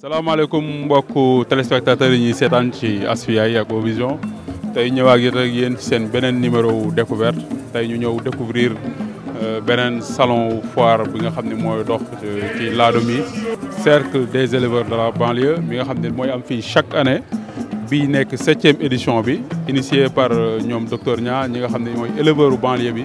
salaamaaleykum mbokk téléspectateurs ñi sétane ci Asfiyahi ak Ovision Tay ñëwaat gi rek yeen ci sen benen numéro découverte Tay ñu ñëw découvrir euh, benen salon foire bi nga xamné moy dox euh, ci Ladoum cercle des éleveurs de la banlieue mi nga xamné moy am fi chaque année nek 7 septième édition bi initié par euh, ñom docteur Nia ñi nga xamné moy mooy éleveur banlieue bi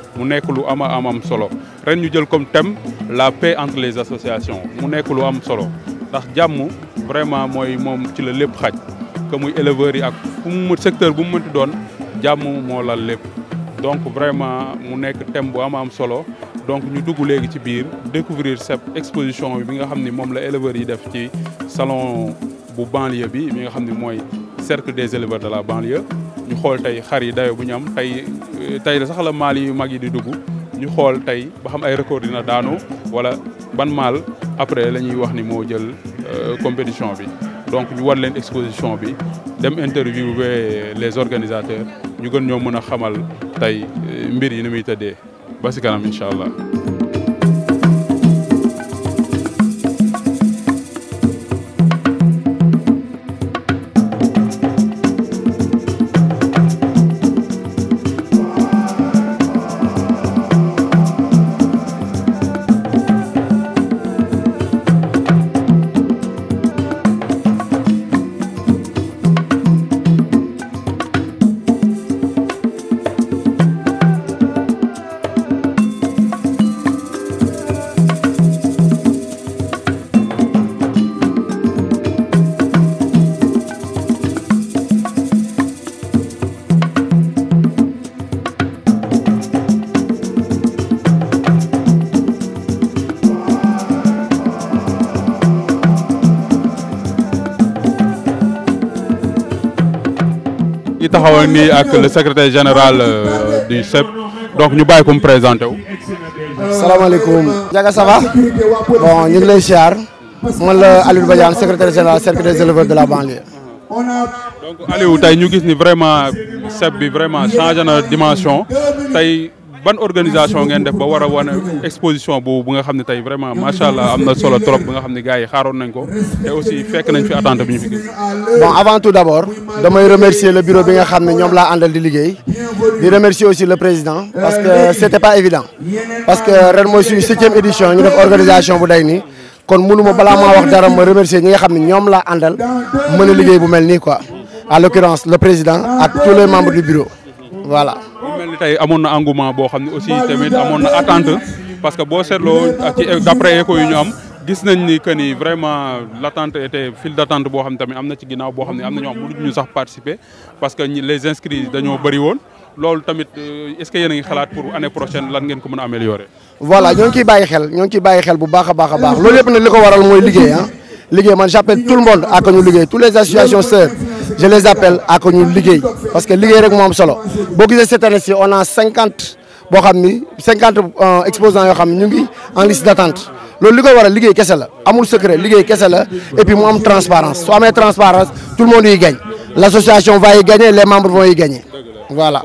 mu nekk lu ama am am solo ren ñu jël comme thème la paix entre les associations mu nekk lu am solo ndax jamm vraiment moy mom ci la lépp xaj que muy éleveurs yi ak fu mu secteur bu mu mënti doon jamm mo la lépp donc vraiment mu nekk thème bu am am solo donc ñu dugg légui ci biir découvrir cette exposition bi nga xamni mom la éleveur yi def ci salon bu banlieue bi mi nga cercle des éleveurs de la banlieue ñu xol tay xari dayo bu ñu am tay la euh, sax la yu mag di ñu ban mal après la wax ni euh, compétition bi donc ñu war leen exposition bi dem interviewer les organisateurs ñu gën ñoo mëna xamal tay euh, mbir yi ni Nous le secrétaire général euh, du CEP donc ñu vous ko alaikum. va bon ñu lay secrétaire général des de la banlieue. donc Aliou tay vraiment CEP vraiment changé na dimension ban organisation ngeen def ba war a wane exposition boobu bu nga xam ne tey vraiment macha allah am na solo trop ba nga xam ne gars yi xaaroon nañ ko te aussi fekk nañ fi attente bi ñu fi gis. bon avant tout d' abord damay remercier le bureau bi nga xam ne ñoom laa àndal di liggéey di remercier aussi le président parce que c' était pas évident parce que ren mooy suñu septième édition ñu def organisation bu day nii kon mënu ma balaa maa wax dara ma remercier ñi nga xam ne ñoom laa àndal mën a liggéey bu mel nii quoi à l'occurrence le président ak tous les membres du bureau voilà mu mel ni tey amoon na engouement aussi tamit na attente parce que boo seetloo e- d'après écho yu ñu am gis nañ ni que ni vraiment l'attente était file d'attente bo xamni tamit amna ci ginaaw bo xamni amna ñoo ñu sax participer parce que les inscrits dañoo bari won lolu tamit euh, est-ce que yéen a ngi xalaat pour année prochaine lan ngeen ko mëna améliorer. voilà ñoo ngi ciy bàyyi xel ñoo ngi ciy bàyyi xel bu baax a baax lolu baax euh, loolu liko waral moy liggéey hein j'appelle tout le monde à connu ñu toutes les associations sœurs je les appelle à connu ñu parce que liggéey rek avec am solo boo cette année ci on a 50 50 euh, exposants en liste d'attente Le logo koy waral quest ce amul secret liggéey kese et puis moi, am transparence soit mes transparence tout le monde y gagne l'association va y gagner les membres vont y gagner voilà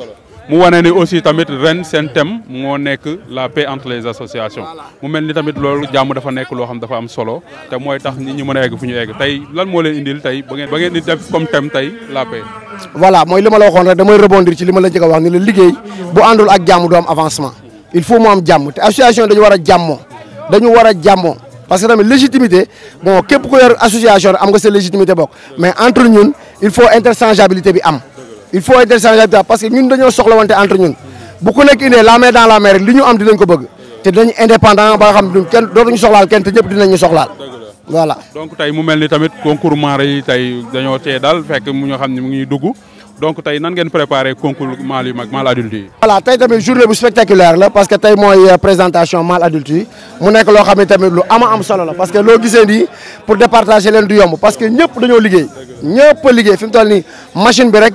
mu wane ni aussi tamit ren seen thème mo nek la paix entre les associations mu mel ni tamit loolu jamm dafa nek lo xam dafa am solo te moy tax nit ñi mëna a fuñu fu tay lan mo leen indil tay ba ngeen ba ngeen di def comme thème tay la paix. voilà moy lima la waxon rek damay rebondir ci lima ma la njëkk wax ni le liggéey bu andul ak jamm du am avancement il faut mo am jamm te association dañu wara jamm dañu wara jamm parce que tamit légitimité bon képp ko yor association am nga sa légitimité bok mais entre ñun il faut interchangeabilité bi am. il faut être sénégalais parce que ñun dañoo soxlawante entre ñun bu ku nekk indee la main dans la mer li ñu am dinañ ko bëgg té dinañ indépendant ba xam duñ kenn dootuñu soxlaal kenn té ñëpp dinañu soxlaal voilà donc tay mu melni tamit concours mari tay tey dañoo tee daal fekk mu ñu xam ni mu ngi dugg donc tay nan ngeen préparer concours mali mak mal adulte voilà tay tamit journée bu spectaculaire la parce que tay moy euh, présentation mal adulte mu nekk lo xam ne tamit lu ama am solo la parce que lo gisé ni pour départager leen du yomb parce que ñëpp dañoo liggéey ñëpp liggéey fim mu machine bi rek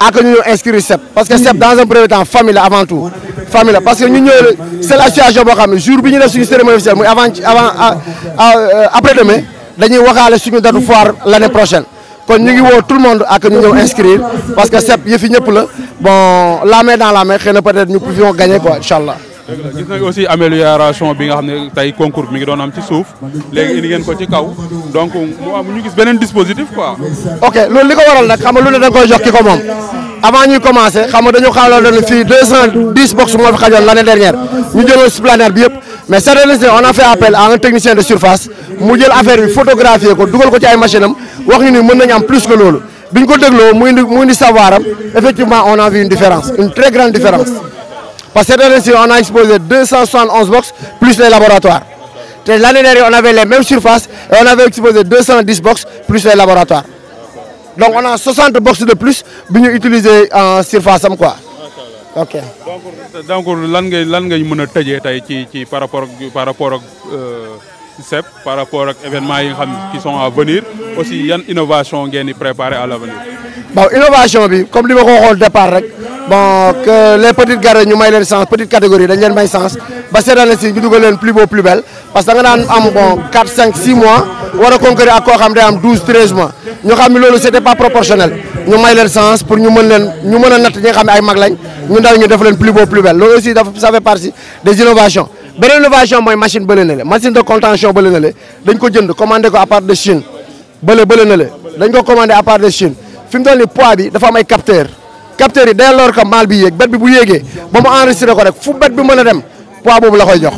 à que nous inscrire CEP parce que CEP dans un premier temps famille avant tout famille parce que ñu nous c'est l'association boo xam jour bi ñu def suñu cérémonie officielle muy avant avant euh, après demain dañuy waxaale suñu datu foire l'année prochaine kon ñu ngi tout le monde que ñu nous inscrire parce que CEP fini pour la bon la main dans la main xëy peut-être ñu pouvons gagner quoi Inch'Allah gis nañ aussi amélioration bi nga xam ne tey concours mi ngi doon am ci suuf léegi indi ngeen ko ci kaw donc mu am ñu gis beneen dispositif quoi. ok loolu li ko waral nag xam nga lu ne da nga koy jox ki ko moom avant ñuy commencé xam nga dañu xaaloon ne fii 210 box moo fi xajoon l' année dernière ñu jëloon supplénaire bi yëpp mais cette année on a fait appel à un technicien de surface mu jël affaire bi photographier ko dugal ko ci ay machine am wax ñu ni mën nañu am plus que loolu biñ ko dégloo mu indi mu indi savoir am effectivement on a vu une différence une très grande différence. Parce que cette on a exposé 271 box plus les laboratoires. L'année dernière, on avait les mêmes surfaces et on avait exposé 210 box plus les laboratoires. Donc on a 60 box de plus pour utiliser en surface. Quoi. Ok. Donc, donc, par rapport, par rapport euh, par rapport aux événements qui sont à venir aussi une innovation qui une préparer à l'avenir bon innovation bi comme je l'ai ko au départ bon que les petites catégories ñu may leen sens petite catégorie dañ leen may sens ba seetaan plus beau plus belle parce que nous avons bon 4 5 6 mois nous avons concourir ak 12 13 mois Nous, avons dit que ce n'était pas proportionnel Nous avons leen sens pour ñu mën leen ñu mën a nous ñi nga xam ay mag lañ plus beau plus belle loolu aussi ça fait partie des innovations. beneen innovation mooy machine bële na le machine de contention bële na le dañ ko jënd commandé ko à de Chine bële bële na le dañ ko commandé à part de Chine fi mu toll nii poids bi dafa am ay capteur capteurs yi dès lors que maal bi yéeg bet bi bu yéegee ba mu enregistré ko rek fu bet bi mën a dem poids boobu la koy jox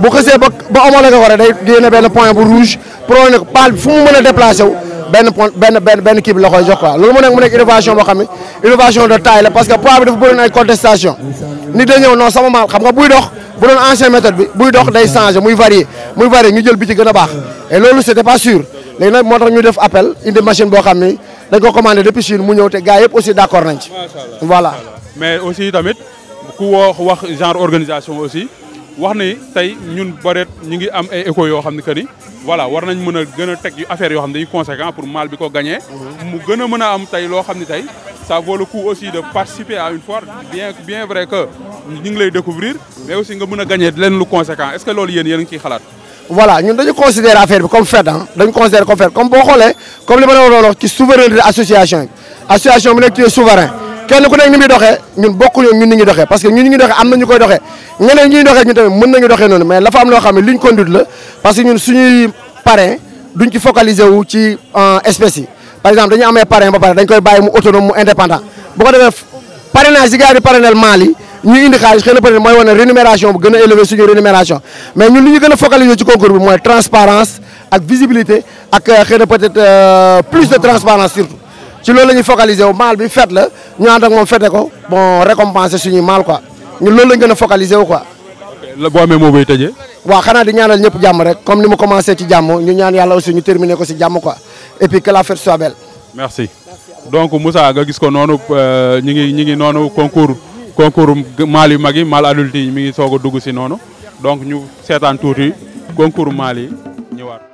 bu xësee ba ba homologué ko rek day génne benn point bu rouge prôné ko paal bi fu mu mën a déplacé wu Ben, ben, ben, ben, kii bi la jox quoi loolu mu nekk mu nekk innovation boo xam innovation de taille parce que poids bi dafa bëri na ay contestation nit da ñëw non sama mal. xam nga buy dox bu doon ancien méthode bi buy dox day changé muy varié muy varié ñu jël bi ci gën baax et loolu c' était pas sûr léegi nag moo tax ñu def appel indi machine boo xam ni dañ ko commandé depuis Chine mu ñëw te gars yëpp aussi d'accord, accord nañ ci voilà mais aussi tamit ku wax wax genre organisation aussi nous avons ñun pour mal mhm. ça vaut le coup aussi de participer à une fois bien bien vrai que nous ngi découvrir mais aussi nous gagner conséquent est ce que c'est voilà nous hein. considérer comme Fred. Nous considérons considérer comme comme bon. comme les souverains qui ci souveraineté association souverain kenn ku nek ni mi doxee ñun bokkuñu ñu ni ñuy doxee parce que ñu ñi ñuy doxee am na ñu koy doxee ñeneen ñuy doxee ñu tamit mën nañu doxee noonu mais dafa am lo xamé ne ligne conduite la parce que ñun suñuy parrain duñ ci focaliser wu ci euh, espèces yi par exemple dañu amé parrain ba pare dañ koy bayyi mu autonome mu indépendant bu ko défé parrainage yi gars parrainel Mali ñu indi xaalis xëy parrain moy être rémunération bu gëna a élevé suñu rémunération mais ñun liñu gëna gën a focaliser ci concours bi moy transparence ak visibilité ak euh, xëy peut être euh, plus de transparence surtout ci loolu la ñuy focaliser wu maal bi fet la ñu ànd ak moom fete ko bon récompenser suñu mal quoi ñu loolu lañ gën a focaliser wu quoi. la boo amee moo bay tëjee. waaw xanaa di ñaanal ñëpp jàmm rek comme ni mu commencé ci jàmm ñu ñaan yàlla aussi ñu terminer ko si jàmm quoi et puis que la fête soit belle. merci donc Moussa nga gis ko noonu euh, ñi ngi ñi ngi noonu concours concours maal yu mag yi maal adulte yi mi ngi soog a dugg si noonu donc ñu seetaan tuuti concours maal yi ñëwaat.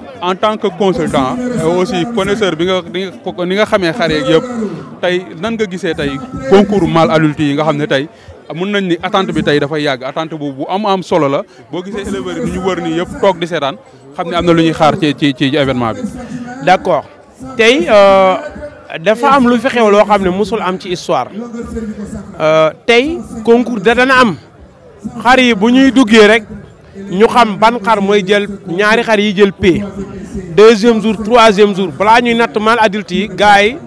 en tant que consultant euh, aussi connaisseur bi nga ni nga xamé xaré ak yépp tay nan nga gissé tay concours mal adulte yi nga xamné tay tey mën nañ ni attente bi tey dafay yag attente bu bu am am solo la bo gissé éleveur ni ñu wër ni yépp tok di sétane xamné amna am lu ñuy xaar ci ci ci événement bi. d'accord euh dafa am lu fi xew lo xam musul am ci histoire euh, tay concours da dana am xari yi bu ñuy rek. ñu xam ban xar mooy jël ñaari xar yi jël pay deuxième jour troisième jour balaa ñuy natt mâle adulte yi gars yi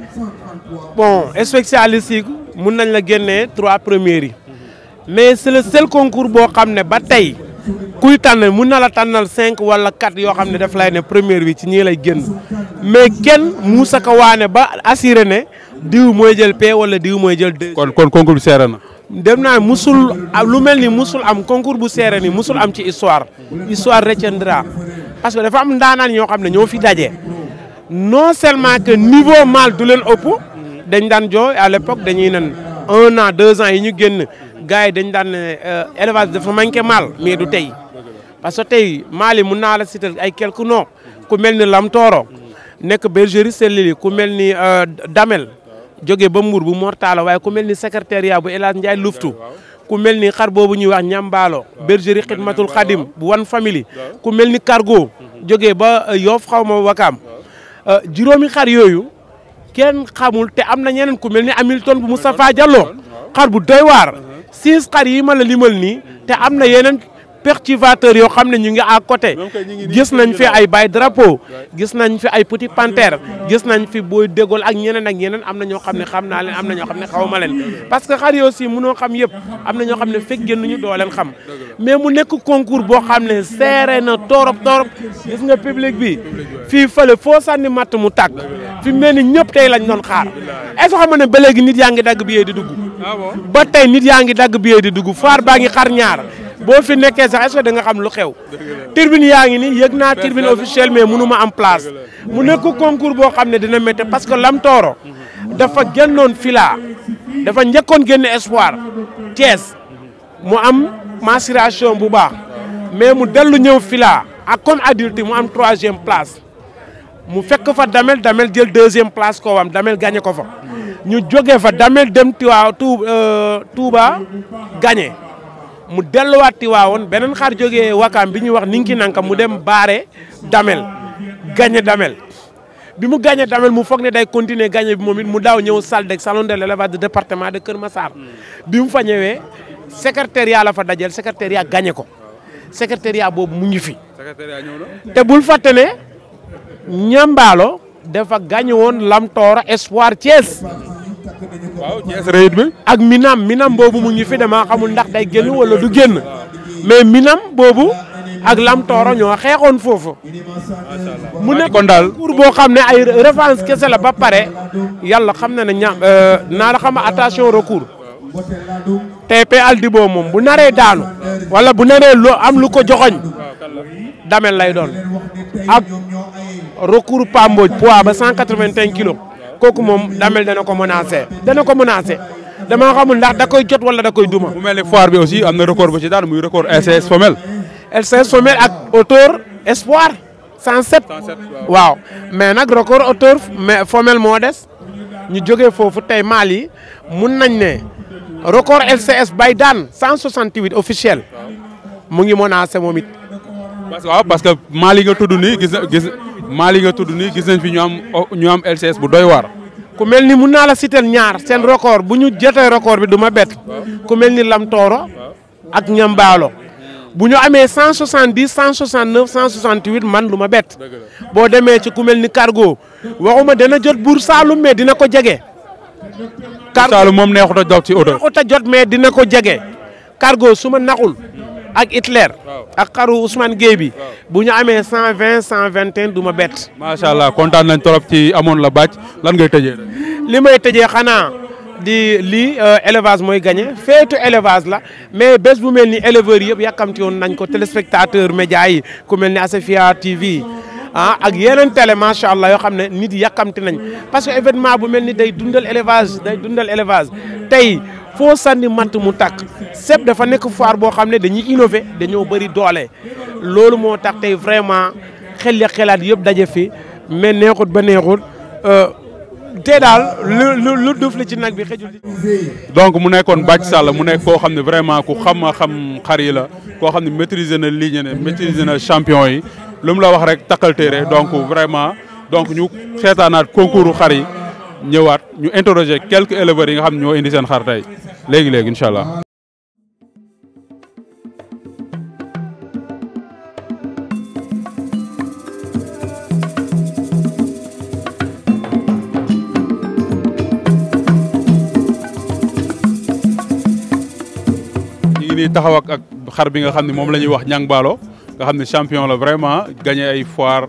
bon spécialiste yi mun nañ la génnee trois premiers yi mais c'est le seul concours boo xam ne ba tey kuy tànn mun na la tànnal cinq wala quatre yoo xam ne daf lay ne première bi ci ñii lay génn mais kenn muusa ko waane ba assuré ne diw mooy jël pay wala diw mooy jël deux. kon kon concours bi seere na. dem naa musul lu mel ni musul am concours bu seere ni musul am ci histoire histoire retiendra parce que dafa am ndaanaan ñoo xam ne ñoo fi daje non seulement que niveau mal du leen ëpp dañ daan joo à l'époque dañuy nan un an deux ans yi ñu génn gars yi dañ daan euh, élevage dafa manqué mal mais du tey parce que tey maal mun naa la citer ay quelques noms ku mel ni Lamtoro nekk bergerie Selili ku mel ni euh, Damel jóge ba Mbour bu Mortala waaye ku mel ni secrétariat bu El Hadj Ndiaye luftu ku mel ni xar boobu ñuy wax ñambaalo bergerie xidmatul xadim bu wan family ku mel ni cargo joge ba euh, yoof xaw ma wakaam euh, juróomi xar yooyu kenn xamul te am na ñeneen ku mel ni Hamilton bu Moustapha Diallo xar bu doy waar six xar yi ma la limal nii te am na yeneen perturbateurs yoo xam ne ñu ngi à côté gis nañ fi ay bay drapeau gis nañ fi ay petit panthère gis nañ fi booy dégool ak ñeneen ak ñeneen am na ñoo xam ne xam naa leen am na ñoo xam ne xaw ma leen parce que xar yi aussi noo xam yëpp am na ñoo xam ne fekk génnuñu doo leen xam mais mu nekk concours boo xam ne seere na torop torop gis nga public bi fii fële foo sànni matt mu tàkk fi mel ni ñëpp tey lañ doon xaar est-ce xam ne ba léegi nit yaa ngi dagg bi yee di dugg ah ba tey nit yaa ngi dagg bi di dugg faar baa ngi xar bo fi nekké sax est-ce que da nga xam lu xew turbine yaangi ni yegna turbine officiel mais mënuma am place mu nekk concours bo xamné dina métti parce que Lam toro dafa gennon fila dafa njëkkoon genn espoir Thiès mu am maturation bu baax mais mu delu ñew fila ak comme adulte mu am 3e place mu fekk fa damel damel jël 2e place ko wam damel gagné ko fa ñu joggé fa damel dem tiwa euh Touba gagné mu delluwaat Tiwaawoon beneen xar jógee Wakaam bi wa wax Ninki Nanka mu dem Damel gagné Damel Bimu ganye gagné Damel mu dai ne day continuer gagné bi moom it mu daaw ñëw Saldek salon de l'élevage du département de Kër Massar bi fa ñëwee secrétaire la fa dajel secrétaire gagné ko secrétaire yaa mu ngi fi te bul fàtte ne ñambaalo dafa gagné Lam Toora Espoir waaw Thiès bi. ak minam minam boobu mu ngi fi xamul ndax ay génn wala du génn mais minam boobu ak lam tooro ñoo xeexoon foofu. mu nekk kon daal pour boo xam ne ay référence kese la ba pare yàlla xam na ne ña euh, naa la xam attention recours. TP Aldiboo moom bu naree daanu. wala bu naree lo am lu ko joxoñ damel lay doon ak recours Pamboj poids ba 181 kilos. kooku moom daa mel dana ko menacé dana ko menacé dama xamul ndax da koy jot wala da koy duma. bu mel ne foire bi aussi am na record bu ci daan muy record LCS femelle. ak auteur espoir 107. 107 waaw mais nag record auteur mais femelle moo des ñu jógee foofu tey maal yi mun nañ ne record LCS bay daan 168 officiel mu ngi menacé moom it. parce que waaw parce que Mali nga tudd nii gis gis Mali nga gis nañ fi ñu am ñu am LCS bu doy waar. ku mel ni mun naa la citer ñaar seen record bu ñu record bi du ma ku ni Lam toro ak ñam balo bu ñu 170 169 168 man lu bet. bett boo demee ci ku mel ni cargo waxuma dana jot Buur Saalum mais dina ko jege. Buur Saalum moom neexut jot ci oto. jot mais dina ko jege cargo su naxul. ak Hitler ak xaru Ousmane Gueye bi bu ñu amee cent vingt cent vingt et du ma bett. macha allah kontaan nañ trop ci amoon la bàcc lan ngay tëjee. li may tëjee xanaa di lii euh, élevage mooy gagné feetu élevage la mais bés bu mel ni éleveurs yëpp yàkkamti woon nañ ko téléspectateur média yi ku mel ni Asafia TV. ah ak yeneen télé macha allah yoo xam ne nit yàkkamti nañ parce que événement bu mel ni day dundal élevage day dundal élevage tey foo sànni mantu mu tak CEB dafa nek foire bo xamné dañuy innover dañoo bari doole lolu mo tak tey vraiment xel ya xelaat yëpp daje fi mais neexut ba neexut euh té dal lu lu duuf li ci nak bi xëjul. donc mu nekkoon Bathie Sall mu nekk koo xamné vraiment ku xam xam xari la ko xamné maîtriser na ligne ne maîtriser na champion yi lum la wax rek takal téré donc vraiment donc ñu seetaanaat concours xari ñëwaat ñu interroger quelques éleveurs yi nga xam ñoo indi seen xar tey léegi léegi incha allah. ñu taxaw ak xar bi nga xamni mom lañuy wax ñang balo nga xamni champion la vraiment gagner ay foire.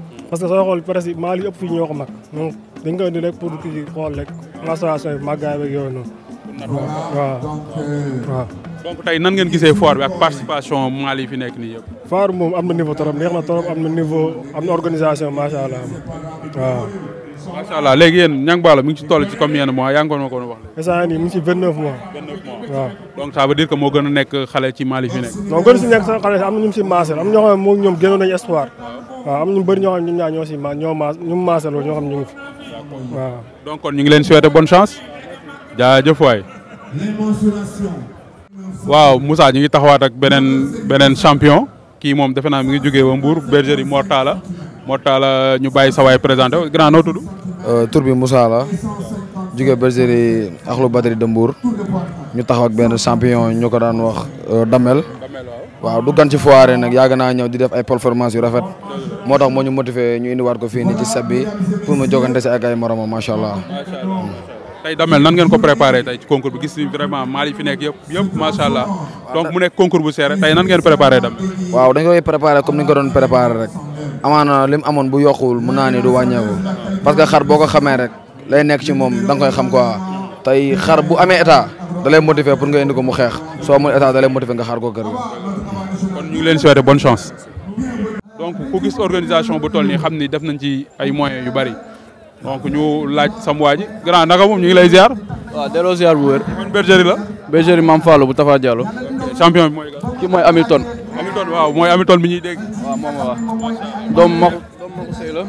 parce que soo xool presse yi maa li ëpp fii ñoo ko mag rek pour kii xool rek restauration bi màggaay beeg yooyu noonu. waaw euh, waaw. nan ngeen gisee foire bi ak participation Mali fi nekk nii yëpp. foire moom am na niveau trop neex na am na niveau am na organisation macha allah waaw. macha allah léegi yéen Niang mi ngi ci toll ci combien de mois yaa ngi ko ko wax. instant yii mu ngi ci 29 mois. 29 mois waaw. donc ça veut dire que ci Mali fi si nekk sax xale am na ñu si maasal am ñoo xam ne moom ñoom gënoon nañu espoir waaw am ñu bëri ñoo ñoo si ma ñoo mas ñu maasal ñoo xam ne ñu ngi fi waaw. donc kon ñu ngi leen souhaiter bonne chance jaajëf waay. waaw Moussa ñu ngi taxawaat ak champion ki moom defe naa mi ngi jógee ba Mbour bergerie Mortala Mortala ñu bàyyi sa waay grand Euh, tur bi Moussa la jóge bergerie Akhlu Badri de Mbour ñu taxaw ak benn champion ñu ko daan wax euh, Damel waaw du gan ci foire nag yàgg naa ñëw di def ay performance yu rafet moo tax moo ñu motivé ñu indiwaat ko fii ci sab bi pour mu jogante si ak ay moromam macha allah. tey Damel nan ngeen ko préparé tey ci concours bi gis ni vraiment maal yi fi nekk yëpp yëpp allah donc mu nekk concours bu serré tey nan ngeen préparé Damel. waaw dañ koy préparé doon préparé rek. amaana lim amon bu yokul mu nani ni du wàññeeku parce que xar boko ko rek lay nek ci mom dang koy xam quoi tay xar bu amé état dalay motiver pour nga indi ko mu xex so amul état dalay motiver nga xar ko gëru kon ñu leen souhaiter bonne chance. donc ku gis organisation bu toll nii def nañ ci ay moyens yu bari donc ñu laaj sam waji grand naka mom ñu ngi lay ziar. wa delo ziar bu wér. bergerie la. bergerie mam fallu bu Tafa Diallo. champion moy kan? ki moy amilton Hamilton waaw mooy Hamilton bi ñuy dégg. waaw moom la doomu Maku Sey la.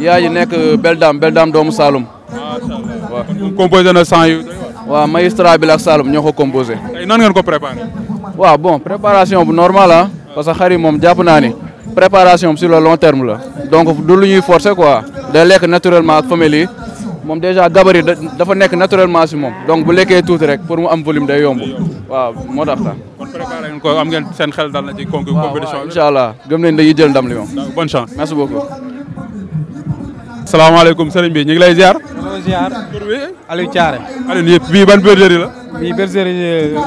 yaay ji nekk Belle Dame Belle Dame doomu Saloum. waa kon composé ak Saloum ñoo ko composé. tey nan ngeen ko préparé. waaw bon préparation bu normal ah. parce moom jàpp naa ni. préparation bi sur le long terme la. donc du lu ñuy forcer quoi. day lekk naturellement ak famille yi moom déjà gabarit dafa nekk naturellement si moom donc bu lekkee tuuti rek pour mu am volume day yomb waaw moo tax sax. am ngeen seen xel dal na ci compétition bi. incha allah gëm nañ dañuy jël ndam li moom. bonne chance merci beaucoup. salaamaaleykum sëriñ bi ñu ngi lay ziar. ñu ziar. tur bi bii ban bergerie la. bii bergerie euh,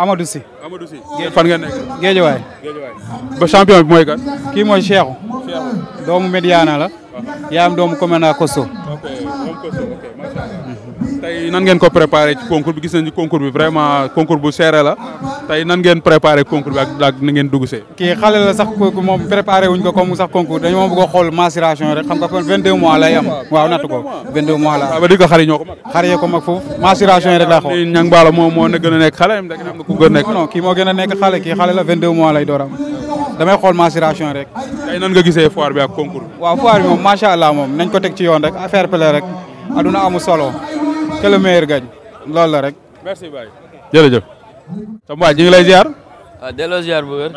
Amadou Sy. si Sy fan ba champion bi mooy kan. kii mooy Cheikhou. doomu Mediana la. Ah. yaa am doomu Komena Kosso. costaud ok macha allah tey nan ngeen ko préparé ci concours bi gis nañu concours bi vraiment concours bu serré tey nan ngeen concours bi ak ak na see. kii xale la sax kooku moom préparé wuñ ko sax concours dañu moom bëgg a xool maturation rek xam nga kon 22 mois rek laa xool. nii Niang Ballo gën a nekk xale am ku gën a nekk xale kii xale la 22 mois lay door damay xool maturation rek. tey nan nga gisee bi ak concours waaw foire moom macha allah moom nañ aduna amu solo que le meilleur gagne loolu la rek. merci Baye. jërëjëf. sama waay ñu ngi lay ziar. waaw ah, delloo ziar bu wér.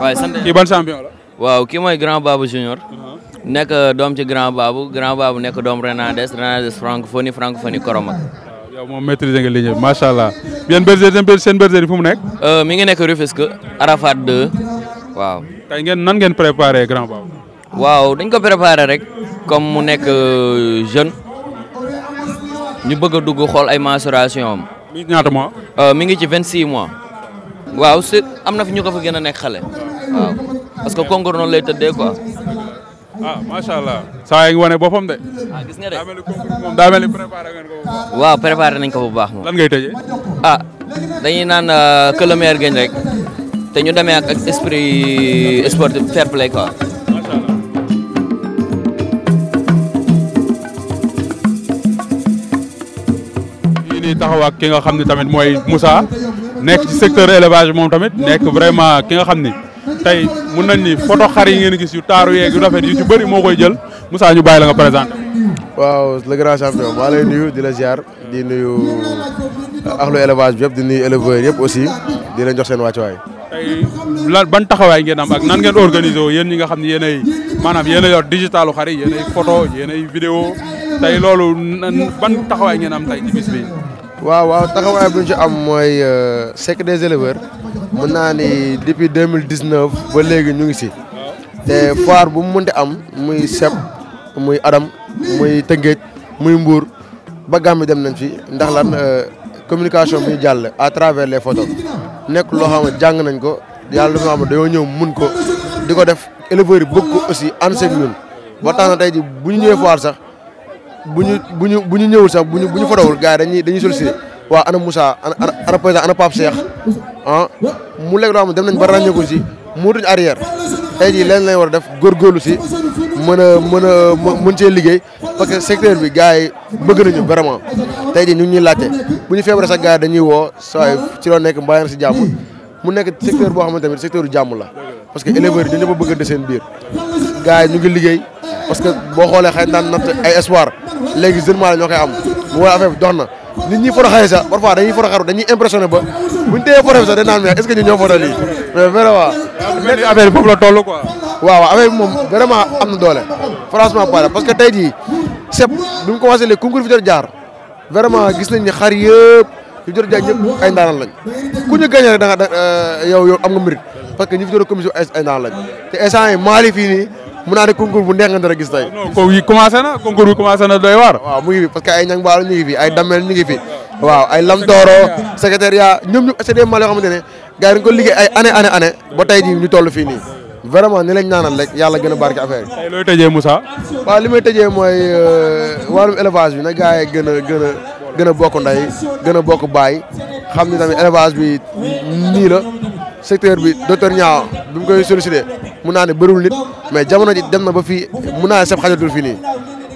waaw sant kii ban champion waaw kii mooy grand babu junior. Uh-huh. nekk doom ci grand babu grand babu nekk doom Renades Renades francophonie francophonie Koromak. yow moom maîtriser nga liggéey macha allah yéen bergerie seen bergerie fu mu nekk. Euh, mi ngi nekk Rufisque Arafat 2 waaw. tey ngeen nan ngeen préparé grand babu. waaw dañ ko préparé rek comme mu nekk euh, jeune. ñu bëgg a dugg xool ay mensuration am. mi ngi ñaata mois. Euh, mi ngi ci 26 mois. waaw si am na fu ñu ko fa a nekk xale. waaw parce que concours noonu lay tëddee quoi. ah macha allah. saa yi wane boppam ah, gis nga de daa ni concours daa mel ni préparé ngeen ko bu baax. ko bu baax moom. lan ngay tëjee. ah dañuy naan euh, que le meilleur gagne rek te ñu demee ak esprit euh, sportif fair play ciy taxaw ak ki nga xam ne tamit mooy Moussa nekk ci secteur élevage moom tamit nekk vraiment ki nga xam ni tey mun nañ ni photo xar yi ngeen gis yu taaru yeeg yu rafet yu ci bëri moo koy jël Moussa ñu bàyyi la nga présenté. waaw le grand champion maa lay nuyu di la ziar di nuyu ah, axlu élevage bi yëpp di nuyu éleveurs yëpp aussi di leen jox seen wàccuwaay. tey ban taxawaay ngeen am ak nan ngeen yéen ñi nga xam ne yéen ay maanaam yéen yor digitalu xar yi yéen ay photo yéen ay vidéo tey loolu ban taxawaay ngeen am tey ci bi. waaw waaw taxawaay bu ñu ci am mooy euh, cercle des éleveurs mën naa ni depuis deux mille dix neuf ba léegi ñu ngi si. te foire bu mu mënti am muy sep muy adam muy tëngéej muy mbuur ba gàmm dem nañ fi ndax lan euh, communication bi jàll à travers les photos. nekk loo xam ne jàng nañ ko yàlla dafa xam dayoo ñëw mun ko di ko def éleveurs yi bëgg ko aussi ànd seeg ñun ba tax ji bu ñu ñëwee foire sax bu ñu bu ñu bu ñu ñëwul sax bu ñu bu ñu fotowul gars yi dañuy dañuy sollicité waa ana Moussa ana ana président ana Pape Cheikh ah mu lekk loo xam ne dem nañ ba ràññeeku si muutuñ arrière tey jii leen lañ war a def góorlu si mën a mën a mën cee liggéey parce que secteur bi gars yi bëgg nañu vraiment tey jii ñu ngi laajte bu ñu feebaree sax gars yi dañuy woo saa ci loo nekk mbaa si jàmm mu nekk secteur boo xamante tamit secteur jàmm la parce que éleveurs yi dañu ko bëggante seen biir gars yi ñu ngi liggéey parce que boo xoolee xëy na daan natt ay espoir léegi jeune maa la ñoo koy am mu war affaire bi dox na nit ñi foroxee sax parfois dañuy foroxaru dañuy impressionné ba buñ téyee foroxee sax dañ naan mais est ce que ñu ñoo foroxee lii mais vraiment. nekk affaire bi foofu la toll quoi. waaw waaw moom vraiment am na doole franchement parlé parce que tey jii CEB bi mu commencé léegi concours fi jot jaar vraiment gis nañ ni yëpp yu jot jaar ay ndaanaan lañ ku ñu gagné rek da nga euh, yow yow am nga mérite parce que ñi fi jot a ay ndaanaan lañ te instant yi Mali mun naa ne concours bu neex nga dara gis tey. ko yi commencé na concours bi commencé na doy waar. waaw mu ngi fi parce que ay ñang baalu ñu ngi fi ay damel ñu ngi fi waaw ay lamtooro secrétariat ñoom ñu c'est des mal yoo xamante ne gars ko liggéey ay année année année ba tey jii ñu toll fii nii vraiment ni lañ ñaanal rek yàlla gën a barke affaire bi. tey looy tëjee Moussa. waaw li may tëjee mooy euh, wàllum élevage bi nag gars yi gën a gën gën a bokk nday gën a bokk baay xam ni tamit élevage bi nii la secteur bi docteur Niang bi mu koy sollicité mun naa ne nit mais jamono ji dem na ba fi mun naa ne sab xajatul fii nii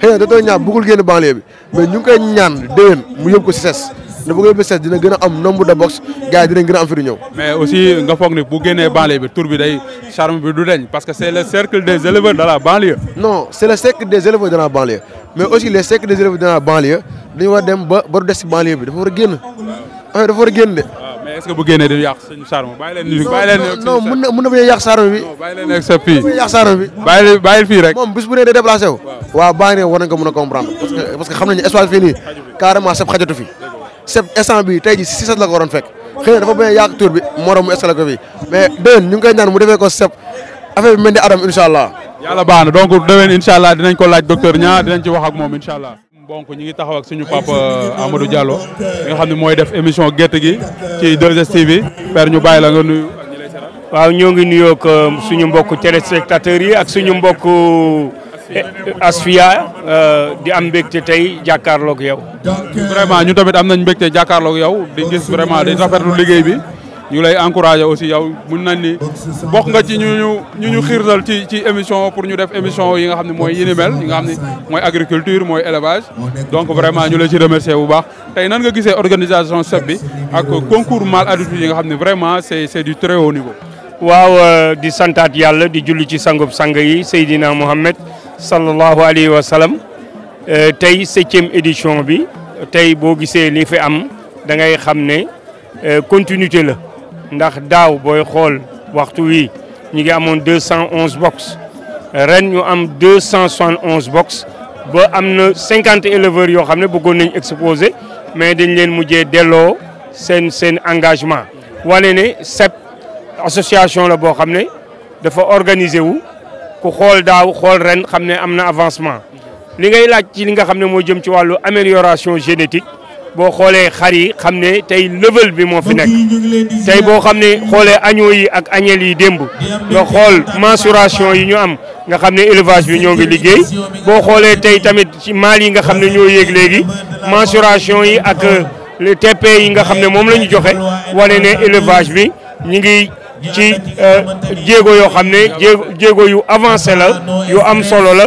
xëy docteur Niang bugul génn banlieue bi mais ñu ngi koy ñaan deen mu yóbbu ko si ses ne bu ngay yóbbu dina gëna am nombre de box gars yi dinañ gën a am fi di ñëw mais aussi nga foog ni bu génnee banlieue bi tour bi day charme bi du dañ parce que c'est le cercle des éleveurs de la banlieue non c'est le cercle des éleveurs de la banlieue mais aussi le cercle des éleveurs de la banlieue dañu war dem ba ba du des banlieue bi dafa war a génn dafa war a génn de ah, mais est-ce que bu génnee dañu yàq leen ñu bàyyi leen non leen ak sa fii yàq sarme fii rek moom bis bu ne day déplacé wu waaw baa ngi a comprendre parce que parce que xam nañu fii nii carrément seb xajatu fi seb instant bi tey si set la ko waroon fekk xëy na dafa bi moroom mu escalé ko fii mais déwén ñu ngi ñaan mu defee ko seb affaire bi mel ni adam incha allah yàlla donc déwén incha allah dinañ ko laaj docteur donc ñu ngi taxaw ak suñu papa Amadou Diallo nga xam ne mooy def émission gerte gi ci 2STV bi ñu bàyyi la nga nuyu waaw ñoo ngi nuyook ak euh, suñu mbokk téléspectateurs yi ak suñu mbokk eh, Asfia euh, di am mbégte tey jàkkaarloog yow. vraiment ñu tamit am nañ mbégte jàkkaarloog yow di gis vraiment di rafetlu liggéey bi. ñu lay encourager aussi yow mun nañ ni bok nga ci ñu ñu ñu ñu ci ci émission pour ñu def émission yi nga xamni moy mooy mel yi nga xamni moy agriculture moy élevage donc vraiment ñu lay ci remercier bu baax tay nan nga gisee organisation CEB bi ak concours mal adulte yi nga xamni vraiment c'est c'est du très haut niveau waaw euh, di santat yalla di julli ci sangub sang yi sayidina mohammed sallallahu alayhi wa salam euh, tay 7e édition bi tay bo gisee li fi am da ngay xam euh, continuité la ndax daw boy xol waxtu wi ñi ngi amone 211 box ren ñu am 271 box ba am 50 éleveurs yo xamné ne bëggoon nañu exposé mais dañ leen mujjé dello sen sen engagement wane né CEB association la bo xamné dafa organiser wu ku xol daw xol ren xamné amna avancement li ngay laaj ci li nga xamné mo jëm ci walu amélioration génétique boo xoolee xar yi xam ne tey level bi moo fi nekk tey boo xam ne xoolee agneau yi ak agnelle yi démb nga xool mensuration yi ñu am nga xam ne élevage bi ñoo ngi liggéey boo xoolee tey tamit ci maal yi nga xam ne ñoo yéeg léegi mensuration yi ak euh, TP yi nga xam ne moom la ñu joxe wane ne élevage bi ñu ngi ci euh, jéego yoo xam ne jéego yu avance la yu am solo la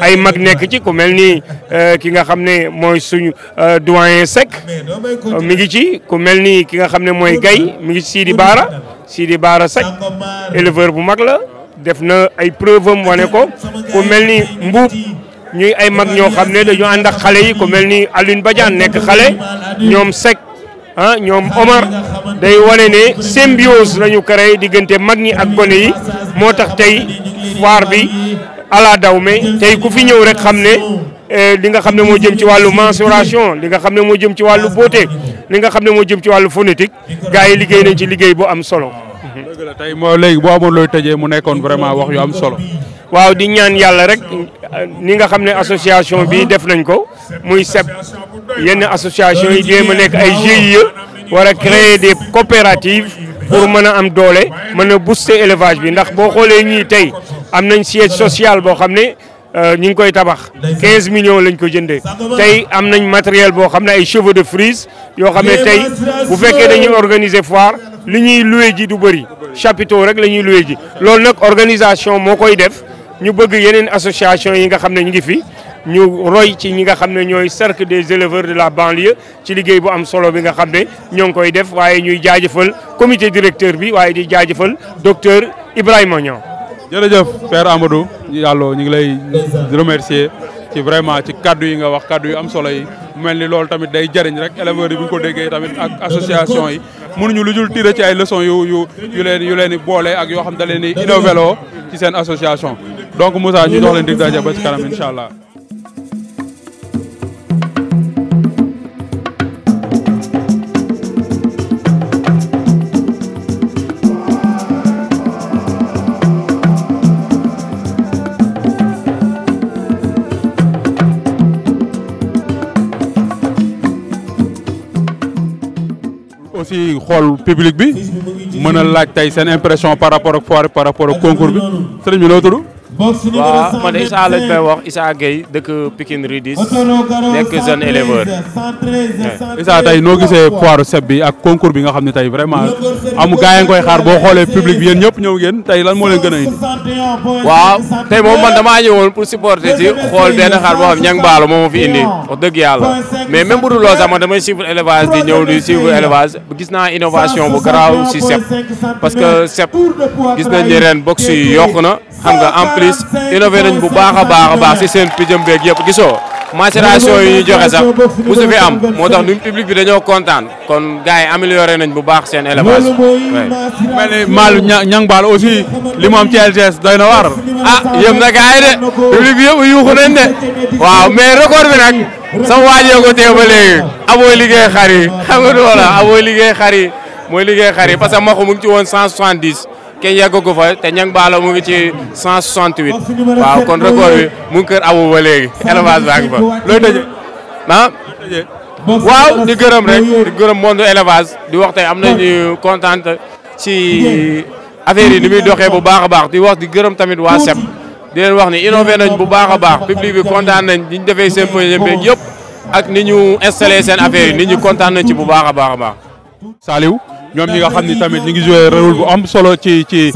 ay mag nekk ci ku mel ni euh, ki nga xam ne mooy suñu euh, doyen Seck mi ngi ci ku mel ni ki nga xam ne mooy gay mingi ngi ci Sidi Baara Sidi Baara Seck éleveur bu mag la def na ay preuve wane ko ku mel ni mbuub ñuy ay mag ñoo xam ne dañu ànd xale yi ku mel ni Alioune Badiane nekk xale ñoom Seck ah ñoom Omar day wane ne symbiose la ñu créé diggante mag ñi ak gone yi moo tax tey foire bi ala dawme tay ku fi ñew rek xamné eh, li nga xamné mensuration li nga beauté li nga phonétique gaay liggéey nañ ci bu am solo. dëgg la tey moo vraiment wax yu am solo. waaw association bi def nañ ko muy association yi nekk e, créer des coopératives. pour mën a am doole mën a booster élevage bi ndax boo xoolee ñii tey am nañ siège social boo xam ne euh, ñu ngi koy tabax 15 millions lañ ko jëndee tey am nañ matériel boo xam ne ay chevaux de frise yoo xam ne tey bu fekkee dañuy organiser foire li ñuy loué ji du bëri chapiteau rek la ñuy loué ji loolu nag organisation moo koy def ñu bëgg yeneen association yi nga xam ne ñu ngi fi ñu roy ci ñi nga cercle des éleveurs de la banlieue ci liggéey bu am solo bi nga koy def ñuy comité directeur bi waaye di jaajëfal docteur Ibrahima Niang. jërëjëf Père Amadou Diallo ñu ngi lay remercier ci vraiment ci cadeau yi nga wax cadeau yu am solo yi mel ni tamit day jëriñ rek éleveurs yi bu ko déggé tamit ak association yi mënuñu lu jul tiré ci ay leçons yu yu léni yu léni bolé ak yo xam da ni innovélo ci sen association donc Moussa ñu dox leen dig daje ba ci karam inshallah aussi xool public bi mën a laaj tey seen impression par rapport ak foire par rapport au concours bi serigne bi lo tudu waa man Issa lañ may wax Issa Gueye dëkk Pikine Ridis nekk jeune éleveur. Issa tey noo gisee foire seb bi ak concours bi nga xam ne tey vraiment amu gaa yi nga koy xaar boo xoolee public bi yéen ñëpp ñëw ngeen tey lan moo leen gën a indi. waaw tey moom man damaa ñëwoon pour supporter ci xool benn xaar boo xam ñang baalo moo ma fi indi wax dëgg yàlla mais même bu dul loolu sax man damay suivre élevage di ñëw di suivre élevage gis naa innovation bu garaaw si seb parce que seb gis nañ ne ren box na. xam nga en plus innové nañ bu baax a baax a baax si seen pijam beeg yëpp gisoo macération yi ñu joxe sax bu su fi am moo tax ñun public bi dañoo kontaan kon gars yi nañ bu baax seen élevage mel ni Maalu Ñang Baal aussi li mu am ci LTS doy na war ah yëm na gars yi de public bi yëpp yuuxu nañ de waaw mais record bi nag sama waajee ko teew ba léegi aboo liggéey xar yi xam nga du wala aboo liggéey que mu ngi ci woon kenn yeggagu fa te ñang baalo mu ngi ci 168 waaw kon record bi mu kër abu ba léegi élevage baa ngi fa looy tëjee ah waaw di gërëm rek di gërëm monde élevage di wax tey am nañu kontaan ci affaire yi ni muy doxee bu baax a baax di wax di gërëm tamit waa SEP di leen wax ni innové nañ bu baax a baax public bi kontaan nañ ni ñu defee seen projet bi yëpp ak ni ñu installé seen affaire yi nit ñi kontaan nañ ci bu baax a baax a baax Saliou ñom ñi nga xamni tamit ñi ngi jouer rôle bu am solo ci ci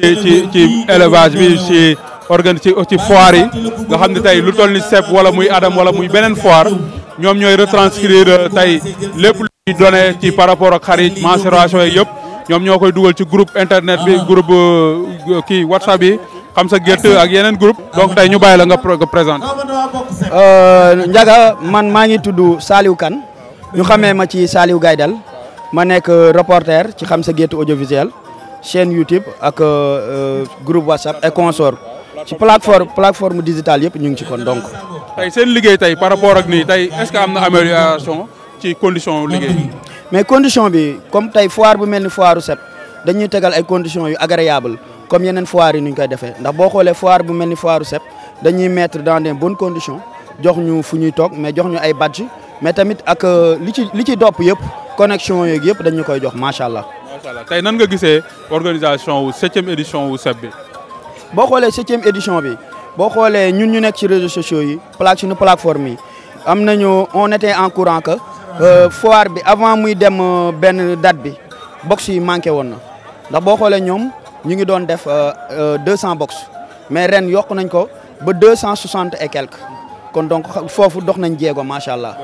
ci ci élevage bi ci organe ci ci foire yi nga xamni tay lu toll ni CEB wala muy Adam wala muy benen foire ñom ñoy retranscrire tay lepp lu ñi donné ci par rapport ak xarit mensuration yépp ñom ñokoy duggal ci groupe internet bi groupe euh, ki whatsapp bi xam sa gerte ak yenen groupe donc tay ñu bay la nga euh ñaga man ma ngi tudd saliw kan ñu xamé ma ci saliw Gaydal. ma nekk euh, reporter ci xam sa gétt audiovisuel chaîne YouTube ak euh, euh, groupe WhatsApp et consort ci plateforme plateforme digitale yëpp ñu ngi ci kon donc. tey seen liggéey tey par rapport ak nii tey est-ce que am na amélioration ci condition liggéey mais condition bi comme tey foire bu mel ni foire set dañuy tegal ay conditions yu agréable comme yeneen foire yi ni ñu koy defee ndax boo xoolee foire bu mel ni foire set dañuy mettre dans des bonnes conditions jox ñu fu ñuy toog mais jox ñu ay badge mais tamit ak li ci li ci dopp yëpp. connexion yeeg yëpp dañu koy jox machallah machallah tay nan nga gissé organisation 7ème édition wu SEP bo xolé 7e édition bi bo xolé ñun ñu nek ci réseaux sociaux yi plaque suñu plateforme yi on était en courant que euh, foire bi avant muy dem ben date bi box yi manké woon na ndax boo ñu ngi doon def 200 euh, box mais ren yokk nañ ko ba 260 et quelques. kon donc fofu dox nañ ma sha allah.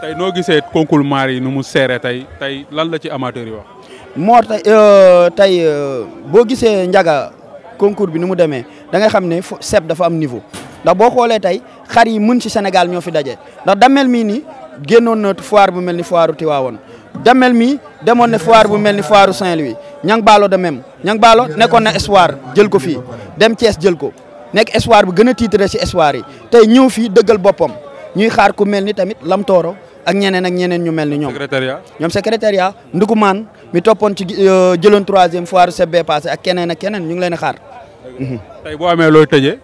tay no gisé concours mari nu mu séré tay tay lan la ci amateur yi wax. tay euh tay euh, bo gisé njaga concours bi nu mu démé da nga xamné dafa am niveau da bo xolé tay xari mën ci Sénégal ñofi dajé da damel mi ni génnoon na foire bu melni foire tiwawon damel mi demoon na foire bu melni ni foire Saint-Louis ñang balo de même ñang balo nekkoon na espoir jël ko fi dem Thiès jël ko. nekk espoir bu gën a tiitre ci espoir yi tey ñëw fii dëggal boppam ñuy xaar ku mel ni tamit Lam Tooro ak ñeneen ak ñeneen ñu mel ni ñoom. secrétariat ñoom secrétariat Ndukumaan mi toppoon ci euh, jëloon troisième foire seb bee passé ak keneen ak keneen ñu ngi leen a xaar. Mhm. tey boo amee looy tëjee.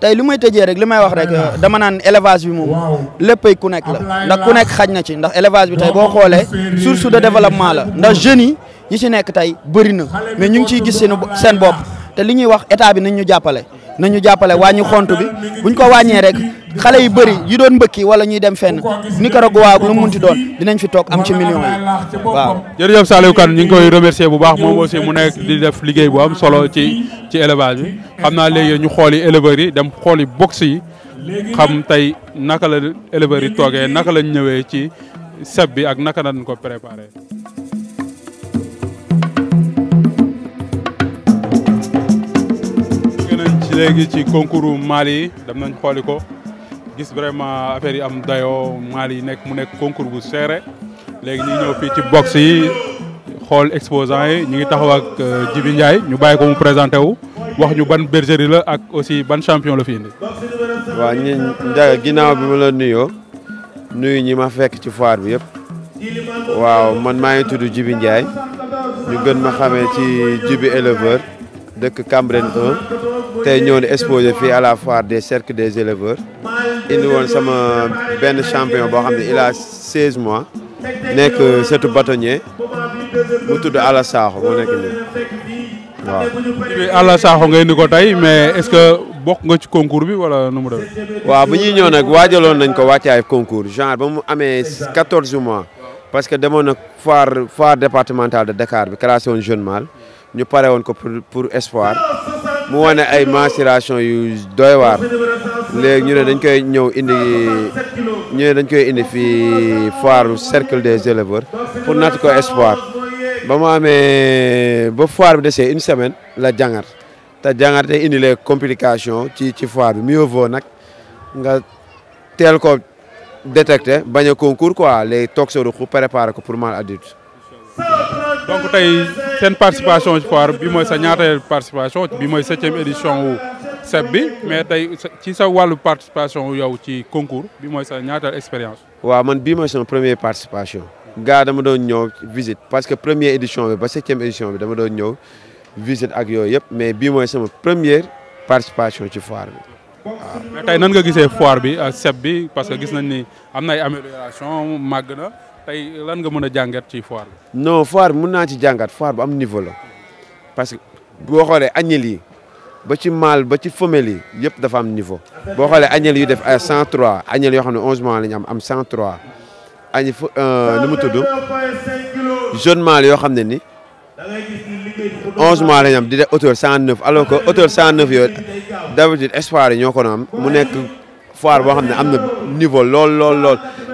tey li may tëjee rek li may wax rek dama naan élevage bi moom léppay ku nekk la ndax ku nekk xaj na ci ndax élevage bi tey boo xoolee source de développement la ndax jeunes yi yi ci nekk tey bëri na mais ñu ngi ciy gis seen seen bopp te li ñuy wax état bi nañ ñu jàppale. nañu jàppale wàññi xont bi buñ ko wàññee rek xale yi bëri yi doon yi wala ñuy dem fenn Nicaragua ak lu mu munti doon dinañ fi toog am ci millions yi waaw. jërëjëf Saliou Kane ñu ngi koy remercier bu baax moom aussi mu nekk di def liggéey bu am solo ci ci élevage bi xam naa léegi ñu xooli éleveurs yi dem xooli box yi xam tey naka la éleveurs yi toogee naka lañ ñëwee ci seb bi ak naka lañ ko préparé. léegi ci concours Mali yi dem nañ xooli ko gis vraiment affaire yi am dayoo Mali yi nekk mu nekk concours bu serré léegi ñu ñëw fii ci box yi xool exposant yi ñu ngi taxaw ak euh, Djibi Ndiaye ñu bàyyi ko mu présenté wu wax ñu ban bergerie la ak aussi ban champion la fi waaw ñi Ndiaye ginnaaw bi ma la nuyoo nuyu ñi ma fekk ci foire bi yëpp waaw man maa ngi tudd Djibi Ndiaye ñu gën ma xamee ci Djibi éleveur. de Cambérène 1 tey ñëw di exposé fii à la foire des cercles des éleveurs indi woon sama benn champion boo xam il a 16 mois Nek cette bâtonnier mu tudd Alla Sakho mu nekk nii waaw. Ala Sakho ngay niko tay mais est-ce que bok nga ci concours bi wala numu mu wa waaw ñëw nak wajalon nañ ko wàccaay concours genre ba mu amee 14 mois parce que demoon na foire foire départementale de Dakar bi classé woon jeune mâle. ñu pare woon ko pour pour espoir mu wane ay mensuration yu doy waar léegi ñu ne dañ koy ñëw indi ñu ne dañ koy indi fii foire cercle des éleveurs pour nat ko espoir ba mu amee ba foire bi desee une semaine la jàngat te jàngat te indi les complications ci ci foire bi mieux vaut nag nga teel ko détecté bañ a concours quoi léegi toog sa ruq préparé ko pour mal adulte donc tey une participation ci foire bi mooy sa ñaateel participation bi 7 septième édition wu CEB bi mais tey ci sa wàllu participation yow ci concours bi une sa expérience. Oui, man bii mooy première participation. gaa dama doon une visite parce que première édition bi 7e édition bi dama doon visite ak yooyu mais c'est mooy première participation ci foire bi. waaw mais tey nan nga foire bi CEB bi parce que gis nañ ni am amélioration màgg na. tey lan nga mën a jàngat ci foire bi. non foire naa ci jàngat foire bu am niveau la parce que boo xoolee agnel ba ci mâle ba ci femelle yi yëpp dafa am niveau. boo xoolee agnel yu def ay 103 agnel yoo xam ne 11 mois la ñu am am 103 agne fu nu mu tudd jeune mâle yoo xam ne ni 11 mois la ñu am di def hauteur 109 alors que hauteur 109 yooyu d'habitude espoir yi ñoo ko am mu nekk foire boo xam ne am na niveau lool lool lool.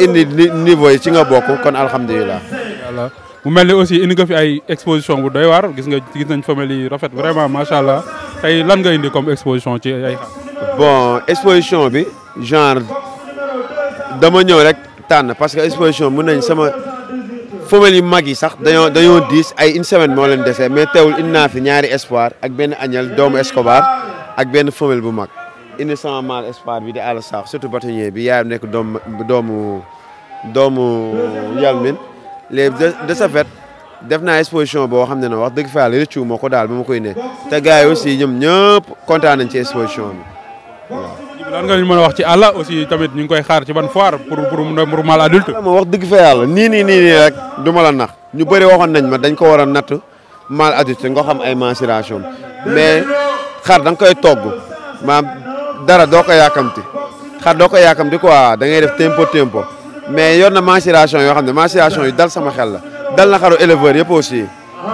indi niveau yi ci nga bokk kon alhamdulilah. voilà mu mel ni aussi indi nga fi ay exposition bu doy waar gis nga gis nañ famille rafet vraiment macha allah tey lan nga indi comme exposition ci ay. bon exposition bi genre dama ñëw rek tànn parce que exposition mun nañ sama famille yu mag yi sax dañoo dañoo diis ay une semaine moo leen desee mais teewul indi naa ñaari espoir ak benn añal doomu Escobar ak benn famille bu mag. innocent mal espoir bi di àll sax surtout batonier bi yaayam nek dom domu domu yalmin léegi de sa fait def na exposition bo xamne na wax deug fa la rëccu moo dal daal koy ne te gaay aussi ñoom ñepp contane ci exposition bi waaw. lan nga ñu mëna wax ci àlla aussi tamit ñu ngi koy xaar ci ban foar pour pour pour mal adulte. ma wax deug fa yalla ni ni ni rek duma la nax ñu bëri waxon nañ ma dañ ko wara nat mal adulte nga xam ay mensuration mais xaar dang koy togg ma dara doo ko yàkkamti xar doo ko yàkkamti quoi da ngay def tempo tempo mais yor na mensuration yoo xam ne mensuration yu dal sama xel la dal na xaru éleveur yëpp aussi.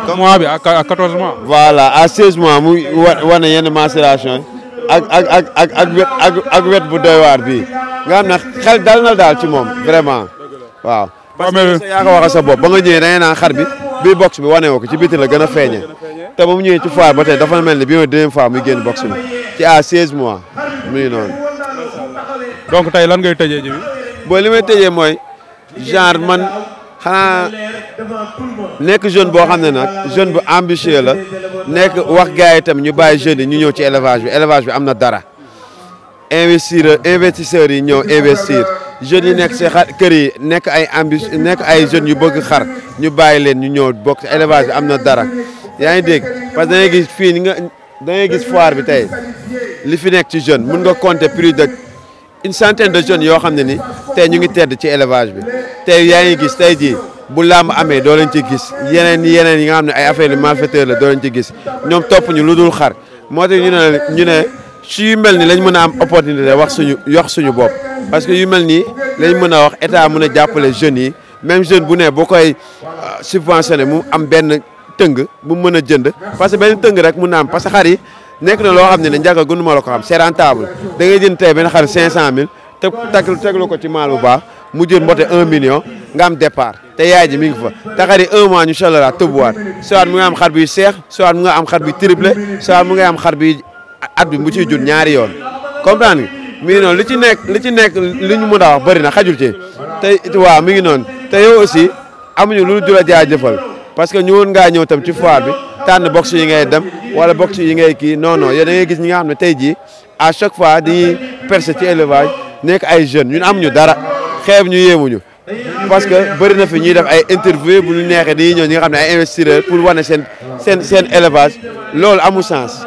comme mois bi a 14 mois. voilà à 16 mois mu wane yenn mensuration ak ak ak ak ak wet ak ak wet bu doy waar bii nga xam ne xel dal daal ci moom vraiment waaw. parce que yaa ko waxal sa bopp ba nga ñëwee da ngay naan xar bi bii box bi wane woo ko ci biti la gën a feeñee te ba mu ñëwee ci foire ba tey dafa mel ni bii mooy deuxième fois muy génn box bi ci à 16 mois. mi ngi noonu. donc tey lan ngay tëjee ji bi. booy li may tëjee mooy genre man xanaa nekk jeune boo xam ne nag jeune bu ambitieux la nekk wax gars yi tam ñu bàyyi jeunes yi ñu ñëw ci élevage bi élevage bi am na dara. investir investisseurs yi ñëw investir jeunes yi nekk si kër yi nekk ay ambi nekk ay jeunes yu bëgg xar ñu bàyyi leen ñu ñëw bokk élevage bi am na dara yaa dégg parce que fii da ngay gis foire bi tey li fi nekk ci jeune mun nga compter plus de une de jeunes yoo xam ne ni tey ñu ngi tedd ci élevage bi tey yaa ngi gis tey jii bu làmb amee doo leen ci gis yeneen yeneen yi nga xam ne ay affaire yu malfaiteur la doo leen ci gis ñoom topp ñu lu dul xar moo tax ñu ne ñu ne si yu mel ni lañ mën a am opportunité wax suñu yox suñu bopp parce que yu mel nii lañ mën a wax état mën a jàppale jeunes yi même jeune bu ne boo koy euh, subventionné mu am benn tëng bu mën a jënd parce que benn tëng rek mun na am parce que nekk na loo xam ne ne njaga gënu ma la ko xam c'est rentable da ngay jënd tey benn xar 500000 te teg teglu ko ci maal bu baax mu jël mbote 1 million nga am départ te yaay ji mi ngi fa te xar yi un mois ñu solala tëbuwaat soit mu am xar biy seex soit am xar bi triplé soit nga am xar bi at bi mu ciy jur ñaari yoon comprendre nga mi li ci nekk li ci nekk li ñu mën a wax bëri na xajul ci te waaw mi ngi noonu te yow aussi amuñu lu dul la jaajëfal parce que ñëwoon ngaa ñëw tam ci foire bi tànn box yi ngay dem wala box yi ngay kii non non yow da ngay gis ñi nga xam ne tey jii à chaque fois dañuy percer ci élevage nekk ay jeunes ñun am ñu dara xeeb ñu yéemuñu parce que bëri na fi ñuy def ay interview bu ñu neexee di ñëw ñi nga xam ne ay investisseurs pour wane seen seen seen élevage loolu amul sens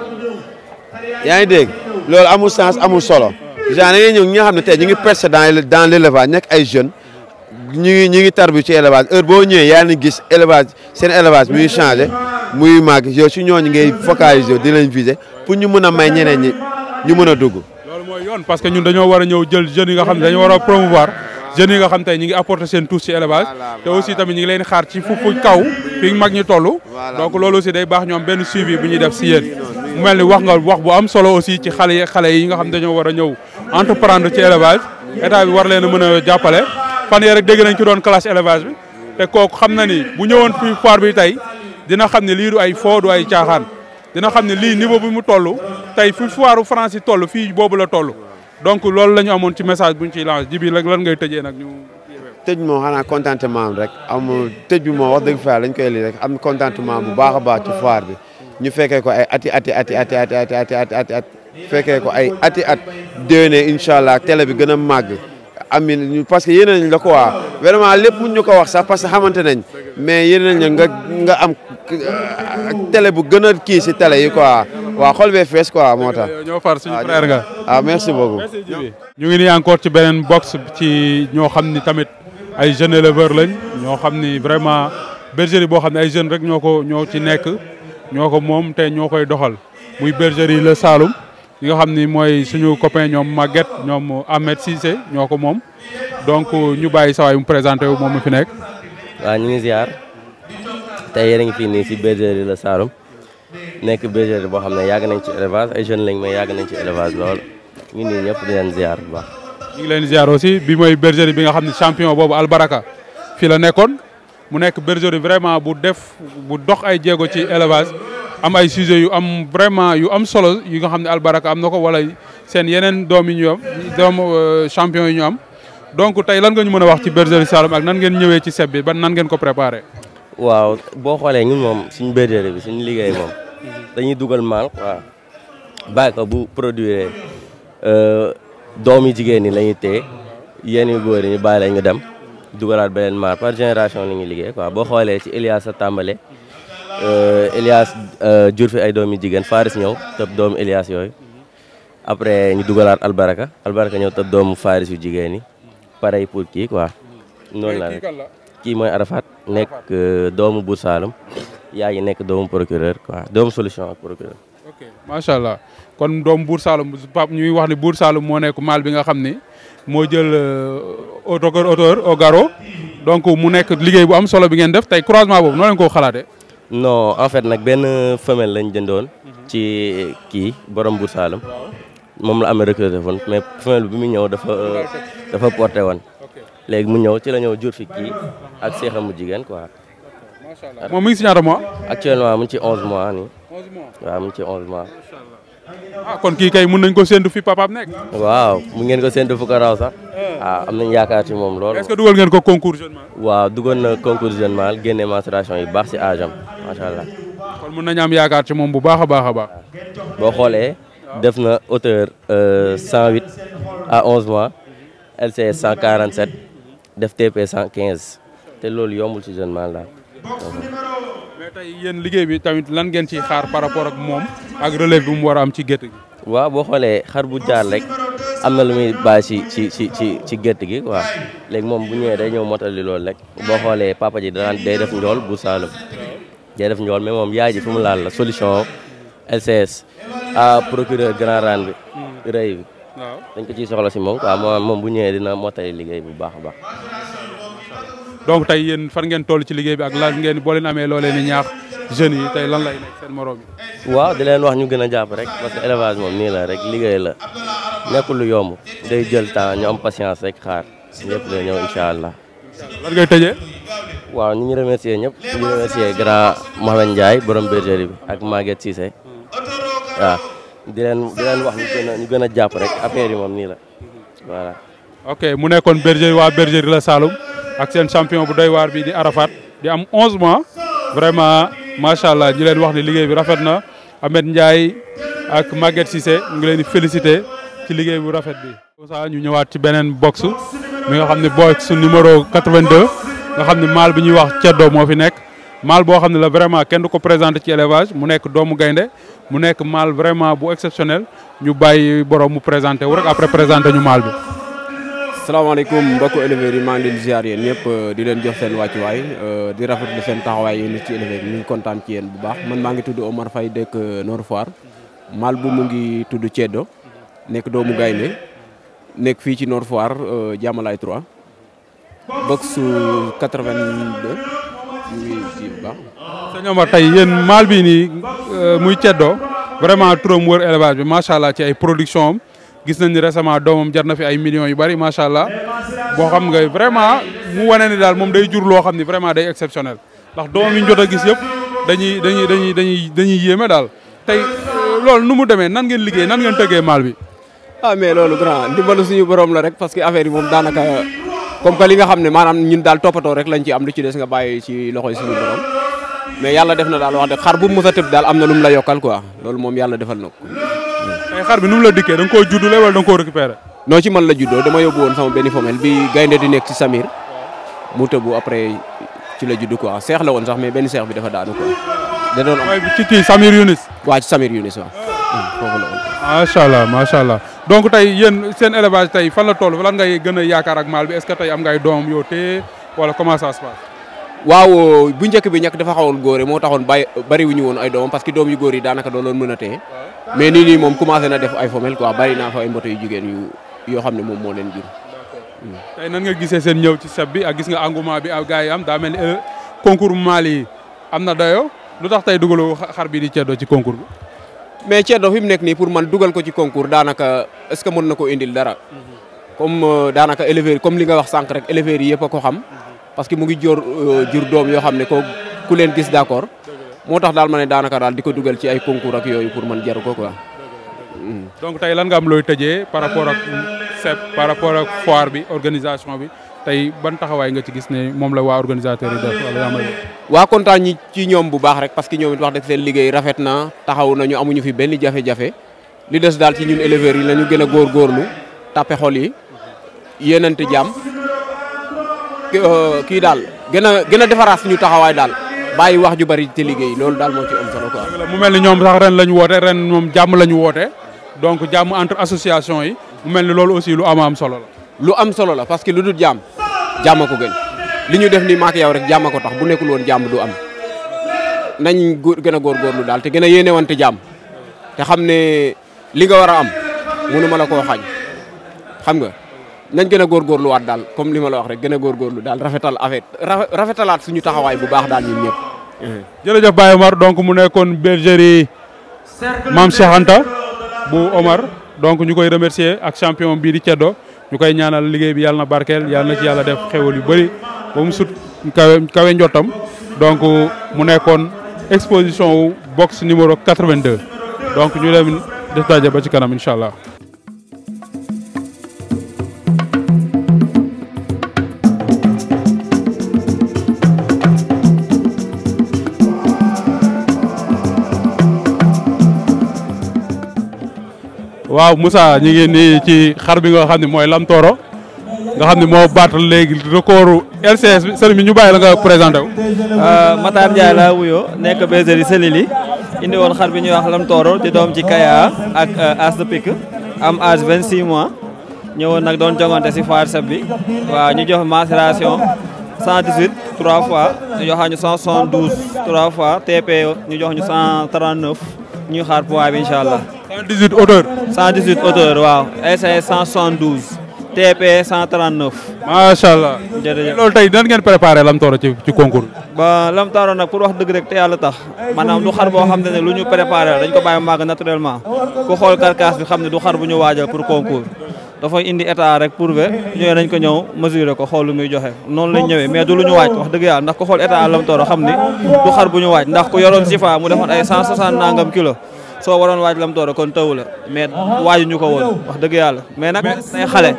yaa ngi dégg loolu amul sens amul solo genre da ngay ñëw ñi nga xam ne tey ñu ngi percer dans dans l' élevage ay jeunes ñu ngi ñu ngi tarbu ci élevage heure boo ñëwee yaa ngi gis élevage seen élevage muy changé muy màgg yow si ñooñu ngay focaliser di leen viser pour ñu mën a may ñeneen ñi ñu mën a dugg. loolu mooy yoon parce que ñun dañoo war a ñëw jël jeunes yi nga xam ne dañoo war a promouvoir jeunes yi nga xam tey ñu ngi apporter seen touche ci élevage. te aussi tamit ñu ngi leen xaar ci fu fu kaw fi mag ñu toll. donc loolu aussi day baax ñoom benn suivi bu ñuy def si yéen. mu mel ni wax nga wax bu am solo aussi xam dañoo war a ñëw entreprendre ci élevage état bi war fan yee rek dégg nañ ki doon classe élevage bi te kooku xam na ni bu ñëwoon fii foire bi tey dina xam ne lii du ay foo du ay caaxaan dina xam ne lii niveau bi mu toll tey fi foire France yi toll fii boobu la toll donc loolu la ñu amoon ci message bu ñu ciy lancé ji bi rek lan ngay tëjee nag ñu. tëj moom xanaa contentement am rek amu tej bi moom wax dëgg fa lañ koy lii rek am contentement bu baax a baax ci foire bi ñu fekkee ko ay ati ati ati ati ati ati ati ati fekkee ko ay ati at déwénee incha allah bi gën a màgg. amin parce que yéene nañ la ko waa vraiment lépp mun ñu ko wax sax parce que xamante nañ mais yéene nañ nga nga am télé bu gën a kii si télé yi quoi waa xol bee fees quoi moo ta ñoo far suñu frère nga. ah merci beaucoup. ñu ngi nii encore ci beneen box ci ñoo xam ni tamit ay jeunes éleveurs lañ ñoo xam ni vraiment bergerie boo xam ne ay jeunes rek ñoo ko ñoo ci nekk ñoo ko moom te ñoo koy doxal muy bergerie la Saloum. yi nga xam ni mooy suñu copain ñoom Maguette ñoom Ahmed Cissé ñoo ko moom donc ñu bàyyi saa waay mu présenté wu moom mu fi nekk. waaw ñu ngi ziar tey yéen a ngi fii nii si bergerie la Saloum nekk bergerie boo xam ne yàgg nañ ci élevage ay jeunes lañ mais yàgg nañ ci élevage lool ñu nii ñëpp di leen ziar bu baax. ñu ngi leen ziar aussi bi mooy bergerie bi nga xam ne champion boobu Albaraka fii la nekkoon mu nekk bergerie vraiment bu def bu dox ay jéego ci élevage. am ay sujet yu am vraiment yu am solo yi nga xam ne albaraka am na ko wala seen yeneen doom yi ñu am doom euh, champion yi am donc tey lan nga ñu mën a wax ci bergerie Saloum ak nan ngeen ñëwee ci seb bi ban nan ngeen ko préparé. waaw boo xoolee ñun moom suñu bergerie bi suñu liggéey moom. dañuy dugal maal waaw bàyyi ko bu produire euh, doom yi jigéen ñi la ñuy téye yéen yu yi ñu bàyyi la ñu dem dugalaat beneen maal par génération la ñuy liggéey quoi boo xoolee ci Elias sa tàmbale. Euh, Elias euh, jur fi ay doomi jigen Faris ñew tëb doom Elias yoy après ñu Baraka Albaraka Albaraka ñew tëb doom Faris yu jigen ni pareil pour ki quoi non la ki kan moy Arafat nek euh, doomu Bou Salem yaa nek doomu procureur quoi doomu solution ak procureur. ok machallah allah kon doom Bou Salem pap ñuy wax ni Bou Salem mo nek mal bi nga xamni mo jël auto auteur au garo donc mu nek liguey bu am solo bi ngeen def tay croisement bobu no len ko xalaté non en fait nag benn femelle lañ jëndoon. ci kii borom Buur Saalum. moom la amee recruté woon mais femelle bi mu ñëw dafa dafa porté woon. mu ñëw ci la ñëw jur fi kii ak seexamu jigéen quoi. macha allah moom mi ngi si ñaata mois. actuellement mu ngi ci 11 mois nii. mu ngi ci 11 mois. ah mun nañ ko séntu fi papaam nekk. waaw mu ngeen ko séntu fu ko sax. Eh. Ah, am nañ yaakaar ci moom loolu. est-ce que dugal ngeen ko concours jeune mâle. waaw dugal na concours jeune mâle génne yu baax si âge macha allah. kon mun nañu am yaakaar ci moom bu baax a baax a baax. def na hauteur 108 euh, à 11 mois LCS 147 def TP 115 te loolu yombul ci jeune man la mais tey yéen liggéey bi tamit lan ngeen ciy xaar par rapport ak moom ak relève bi mu war a am ci gétt gi. waaw boo xoolee xar bu jaar rek am lu muy bàyyi ci ci ci ci ci gétt gi quoi léegi moom bu ñëwee day ñëw motali loolu rek boo xoolee papa ji daan day def njool bu Saalum. day def njool mais moom yaay ji fi mu laal la solution LCS a ah, procureur grand rang bi rëy bi dañ ko ciy soxla si moom quoi moom moom bu ñëwee dina mottali liggéey bu baax a baax donc tey yéen fan ngeen toll ci liggéey bi ak lan ngeen boo leen amee loo leen di ñaax jeunes yi tey lan lay nekk seen morom waaw di leen wax ñu gën a jàpp rek parce que élevage moom nii la rek liggéey la nekkul lu yomb day jël temps ñu am patience rek xaar ñëpp day ñëw incha allah waaw ñu ngi remercier ñëpp ñu remercier grand Mohamed Ndiaye borom bergerie bi ak Maguette Cissé waaw ya, di leen di leen wax ñu gën a ñu gën a jàpp rek affaire yi moom nii la voilà. ok mu nekkoon bergerie waa bergerie la Saloum ak seen champion bu doy waar bi di Arafat di am 11 mois vraiment macha allah ñu leen wax ne liggéey bi rafet na Ahmed Ndiaye ak Maguette Cissé ñu ngi leen di féliciter ci liggéey bu rafet bi. comme ça ñu ñëwaat ci beneen box mi nga xam box numéro 82. nga xam mal maal bi ñuy wax ceddo moo fi nekk maal boo xam la vraiment kenn duko présenter ci élevage mu nekk doomu gaynde mu nekk mal vraiment bu exceptionnel ñu bayyi borom mu présenter wu rek après présenter ñu mal bi. alaykum mbokku éleveurs yi maa ngi leen di ziar yéen ñëpp euh, di leen jox seen wàccuwaay euh, di rafetlu seen taxawaay yéen ci éleveurs ñu ngi kontaan ci yeen bu baax man maa ngi tudd Omar Faye dëkk euh, Nord Foire maal bu mu ngi tuddu ceddo nekk doomu gaynde nekk fi ci Nord Foire Diamalaye 3. box 82 ñu ngi ji bu baax. tey yéen maal bii nii euh, muy ceddoo vraiment turam wër élevage bi macha allah ci ay production am gis nañ ni récemment doomam jar na fi ay millions yu bari macha allah boo xam nga vraiment mu wane ni daal moom day jur loo xam ni vraiment day exceptionnel ndax doomam yi ñu jot a gis yëpp dañuy dañuy dañuy dañuy dañuy yéeme daal tey euh, loolu nu mu demee nan ngeen liggéey nan ngeen tëggee maal bi. ah mais loolu grand dimbalu suñu borom la rek parce que affaire yi moom daanaka. comme que li nga xam ne maanaam ñun daal toppatoo rek lañ ci am lu ci des nga bàyyi ci loxoy suñu borom mais yàlla def na daal wax dëgg xar bu mos a tëb daal am na lu la yokkal quoi loolu moom yàlla defal na ko. mais xar bi nu la dikkee da nga koo juddule wala da nga koo récupéré. non ci man la juddoo dama yóbbu woon sama benn femelle bi gaynde di nekk ci Samir mu tëbu après ci la juddu quoi seex la woon sax mais benn seex bi dafa daanu quoi. da doon am macha allah Masha allah donc tey yéen sen élevage tey fan la toll lan ngay gën a yaakaar ak maal bi est-ce que tey am ngay doom yoo téye wala comment ça se passe. waaw bu njëkk bi ñàkk dafa xawoon góore moo taxoon bàyyi bariwuñu woon ay doomam parce que doom yu góor yi daanaka doon loon mën a mais nii nii moom commencé na def ay femelles quoi bari naa fa ay yu jigéen yu yoo xam ne moom leen jur. tey nan nga gisee seen ñëw ci sab bi ak gis nga engouement bi ak gars am euh, concours dayo lu tax tey xar bi di ci concours mais Thierno fi mu nekk nii pour man dugal ko ci concours daanaka est-ce que mën na ko indil dara. comme euh, daanaka éleveurs comme li nga wax sànq rek éleveurs yi yëpp a ko xam. parce que mu ngi jor euh, jur doom yo xam ne ko ku leen gis d'accord. moo tax daal ma ne daanaka daal di ko dugal ci ay concours ak yooyu pour man jaru ko quoi. donc tey lan nga am looy tëjee par rapport ak CEB par rapport ak foire bi organisation bi tey ban taxawaay nga ci gis ne moom la waa organisateur yi def wala waa kontaan ñi ci ñoom bu baax rek parce que ñoom it wax dëgg seen liggéey rafet na taxaw nañu amuñu fi benn jafe-jafe li des daal ci ñun éleveurs yi la ñu gën a góorgóorlu tàppe xol yi yéenante jàmm euh, kii daal gën a gën a defaraat suñu taxawaay daal bàyyi wax ju bari te liggéey loolu daal moo ci am solo quoi. mu mel ni ñoom sax ren la ñu woote ren moom jàmm la ñu woote donc jàmm entre association yi mu mel ni loolu aussi lu am am solo la. lu am solo la parce que lu dul jàmm jàmm ko gën. li ñu def nii maak yaw rek jàmm ko tax bu nekkul woon jàmm du am nañ gën góor góorgóorlu daal te gën a yéenewante jàmm te xam ne li nga war a am mënu ma la ko xañ xam nga nañ gën a góorgóorluwaat daal comme li ma la wax rek gën a góorgóorlu daal rafetal affaire rafetalaat suñu taxawaay bu baax daal ñun ñëpp. jërëjëf Baye Omar donc mu nekkoon bergerie Mame Cheikh Anta bu Omar donc ñu koy remercier ak champion bii di Ceddo ñu koy ñaanal liggéey bi yàlla na barkeel yàlla na ci yàlla def xéwal yu bëri bamu sut kawé kawe njottam donc mu nekkoon exposition box numéro 82 donc ñu leen def dajé ba ci kanam inshallah waaw Moussa ñi ngi ni ci xar bi nga xamni moy Lam toro nga xam ne moo baatal léegi record LCS bi ñu bàyyi la nga présenté wu. Euh, Matar Ndiaye laa wuyoo nekk bergerie Selili indi woon xar bi ñuy wax Lam Tooro di doom ci Kaya ak euh, As de Pique am âge 26 mois ñëwoon nag doon jongante si foire sab bi waaw ñu jox macération 118 3 fois ñu jox ñu 172 3 fois TP ñu jox ñu 139 ñuy xaar poids bi incha allah. 118 hauteur. 118 hauteur waaw LCS 172. TP 139. macha allah jërëjëf loolu tey nan ngeen préparé Lamtoro ci ci concours bi. nag pour wax dëgg rek te yàlla tax maanaam du xar boo xam ne lu ñu préparé dañ ko bàyyi màgg naturellement ku xool carcasse bi xam ne du xar bu ñu waajal pour concours. dafa indi état rek pour que ñëwee nañ ko ñëw mesurer ko xool lu muy joxe noonu lañ ñëwee mais du lu ñu waaj wax dëgg yàlla ndax ku xool état Lamtoro xam ni du xar bu ñu waaj ndax ku yoroon Zifa mu defoon ay nangam kilo soo waroon waaj lam doora kon taw la mais waajuñu ko woon wax dëgg yàlla mais nag day xale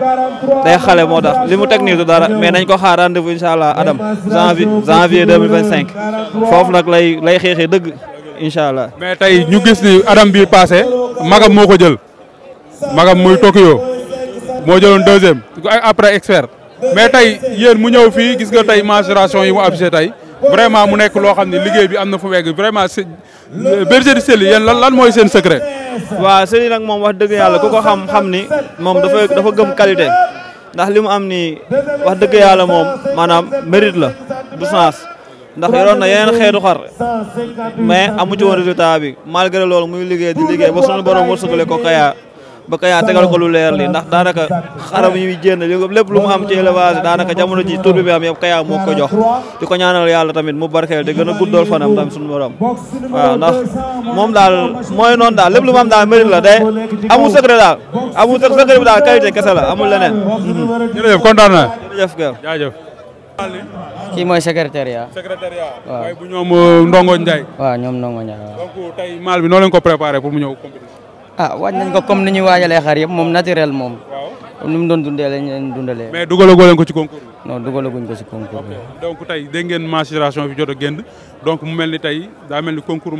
day xale moo tax li mu teg nii dara mais nañ ko xaar rendez-vous incha allah Adam janvier janvier 2025 foofu nag lay lay xeexee dëgg incha allah. mais tey ñu gis ni Adam bi passé magam moo ko jël magam muy Tokyo moo jëloon deuxième après expert mais tey yéen mu ñëw fii gis nga tey maturation yi mu affiché tey vraiment mu nekk loo xam ne liggéey bi am na fu mu egg vraiment bergerie de Sely yéen lan mooy seen secret. waa Sely nag moom wax dëgg yàlla ku ko xam xam ni moom dafa dafa gëm qualité ndax li mu am ni wax dëgg yàlla moom maanaam mérite la du sens. ndax yoroon na yeneen xeetu xar mais amu ci woon résultat bi malgré loolu muy liggéey di liggéey ba sunu borom wërsëgale ko kayaa ba Kayaa tegal ko lu leer li ndax daanaka xaram yuy jénn li lépp lu mu am ci élevage daanaka jamono ji tur bi bi am yëpp Kayaa moo ko jox di ko ñaanal yàlla tamit mu barkeel di gën a guddal fanam tamit suñu borom waaw ndax moom daal mooy noonu daal lépp lu mu am daal mérite la day amul secret daal amul secret bi daal qualité kese la kontaan naa jërëjëf kër kii mooy secrétariat. secrétariat. waaw waaye bu ñoom euh, Ndongo Ndiaye. waaw ñoom Ndongo Ndiaye waaw. bi noo ko préparé pour mu ñëw compétition. ah waaj nañ ko comme ni ñuy waajalee xar moom naturel moom. waaw doon dundee leen dundalee. leen ko ci concours donc tey dégg ngeen maturation jot a génn donc mu mel ni tey daa mel ni concours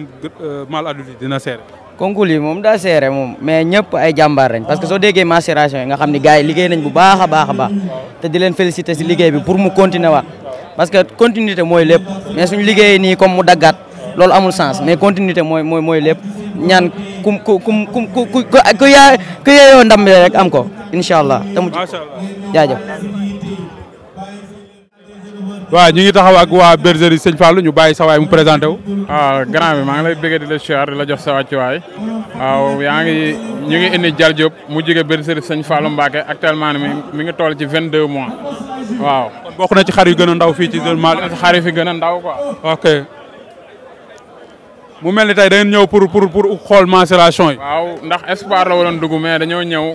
mâle euh, adulte dina seere. concours moom daa seere moom mais ñëpp ay jàmbaar lañ parce que soo déggee maturation yi nga xam ni gars liggéey nañ bu baax a baax te di leen féliciter liggéey bi pour mu continuer parce que continuité mooy lépp mais suñu liggéey ku ku ku ku ku ku yaa ndam rek am ko incha allah. macha allah jaajëf. waaw ñu ngi taxaw ak waa bergerie Sëñ Fallou ñu bàyyi sa waay mu présenté wu. waaw ah, grand bi maa ngi lay bëggee di la siyaar la jox sa wàccuwaay waaw yaa ngi ñu ngi indi Dial Diop mu jóge bergerie Sëñ Fallou Mbacké actuellement mi ngi tool ci 22 mois waaw. kon bokk na ci xar yu ndaw fii ci zone Mali. xar yi fi gën ndaw quoi. mu mel ni tay da ngeen ñëw pour pour pour xool mensuration yi. ndax espoir la waroon dugg mais dañoo ñëw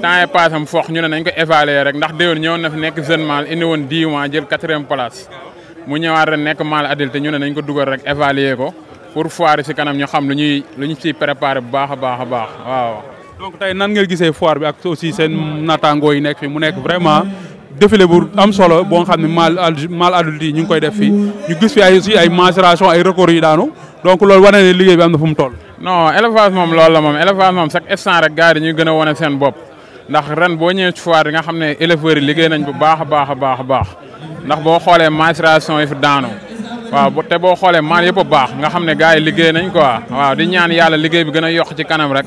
temps yii am fox ñu ne nañ ko évaluer rek ndax déwén ñëwoon na fi nekk jeune mâle indi woon 10 mois jël quatrième place. mu ñëwaat rek nekk mâle adulte ñu ne nañ ko dugal rek évaluer ko pour foir si kanam ñu xam lu ñuy lu ñu ciy préparé bu baax a baax a baax waaw. tey nan nga gisee foire bi ak aussi seen naataangoo yi nekk fi mu nekk vraiment. défilé bu am solo boo xam ne mâle mâle adulte yi ñu ngi koy def fii ñu gis fi ay aussi ay mensuration ay records yi daanu. donc loolu war na liggéey bi am na fu mu toll. non élevage moom lool la moom élevage moom chaque instant rek gars yi ñuy gën a wane seen bopp ndax ren boo ñëwee ci foire yi nga xam ne éleveurs liggéey nañ bu baax a baax a baax a baax ndax boo xoolee maturation yi fi daanu te boo xoolee maan yëpp a baax nga xam ne gars yi liggéey nañ ko waaw di ñaan yàlla liggéey bi gën a yokk ci kanam rek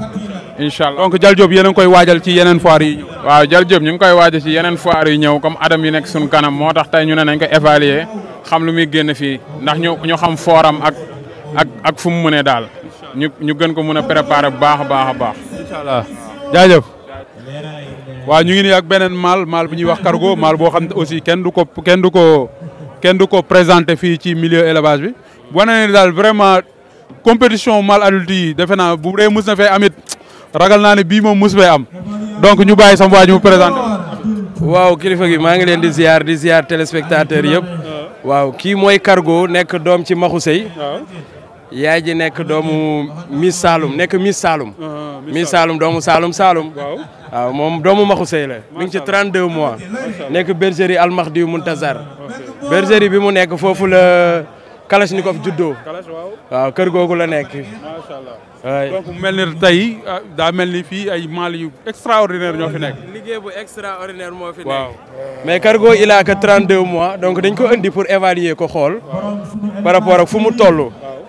incha allah donc Dial Diop yéen a ngi koy waajal ci yeneen foire yi ñëw. waaw ñu ngi koy waajal ci yeneen foire yi ñëw comme adam yi nekk suñu kanam moo tax tey ñu ne nañ ko évaluer xam lu muy génn fii ndax ñu ñu xam forum ak ak ak fu mu mënee dal ñu ñu gën ko mëna préparer bu baax baax a baax. incha allah jaajëf. ñu ngi nii ak benen mal mal bu ñuy wax cargo mal bo xam aussi kenn du ko kenn du ko kenn du ko présenter fi ci milieu élevage bi. wane ne dal vraiment compétition mal adulte yi defe naa bu dee mus na amit ragal na ne bi moom mus fee am donc ñu bàyyi sama waa ji mu présenté. waaw kilifa gi ma ngi leen di ziar di ziar téléspectateur yëpp. waaw ki mooy cargo nekk doom ci Maxu Sey yaay nek doomu Miss Saloum nek ah, Saloum. Miss Saloum doomu waaw ah, doomu 32 mois. nek bergerie Almahdi Muntazar. bergerie bi mu Kalashnikov waaw ah, la donc extraordinaire extraordinaire mo fi mais cargo il a 32 mois donc dañ ko pour évaluer par rapport ak fu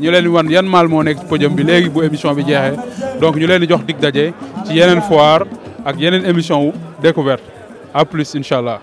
ñu leen di wan yan maal moo nekk podium bi léegi bu émission bi jeexee donc ñu leen di jox dig daje ci yeneen foire ak yeneen émission wu découverte à plus incha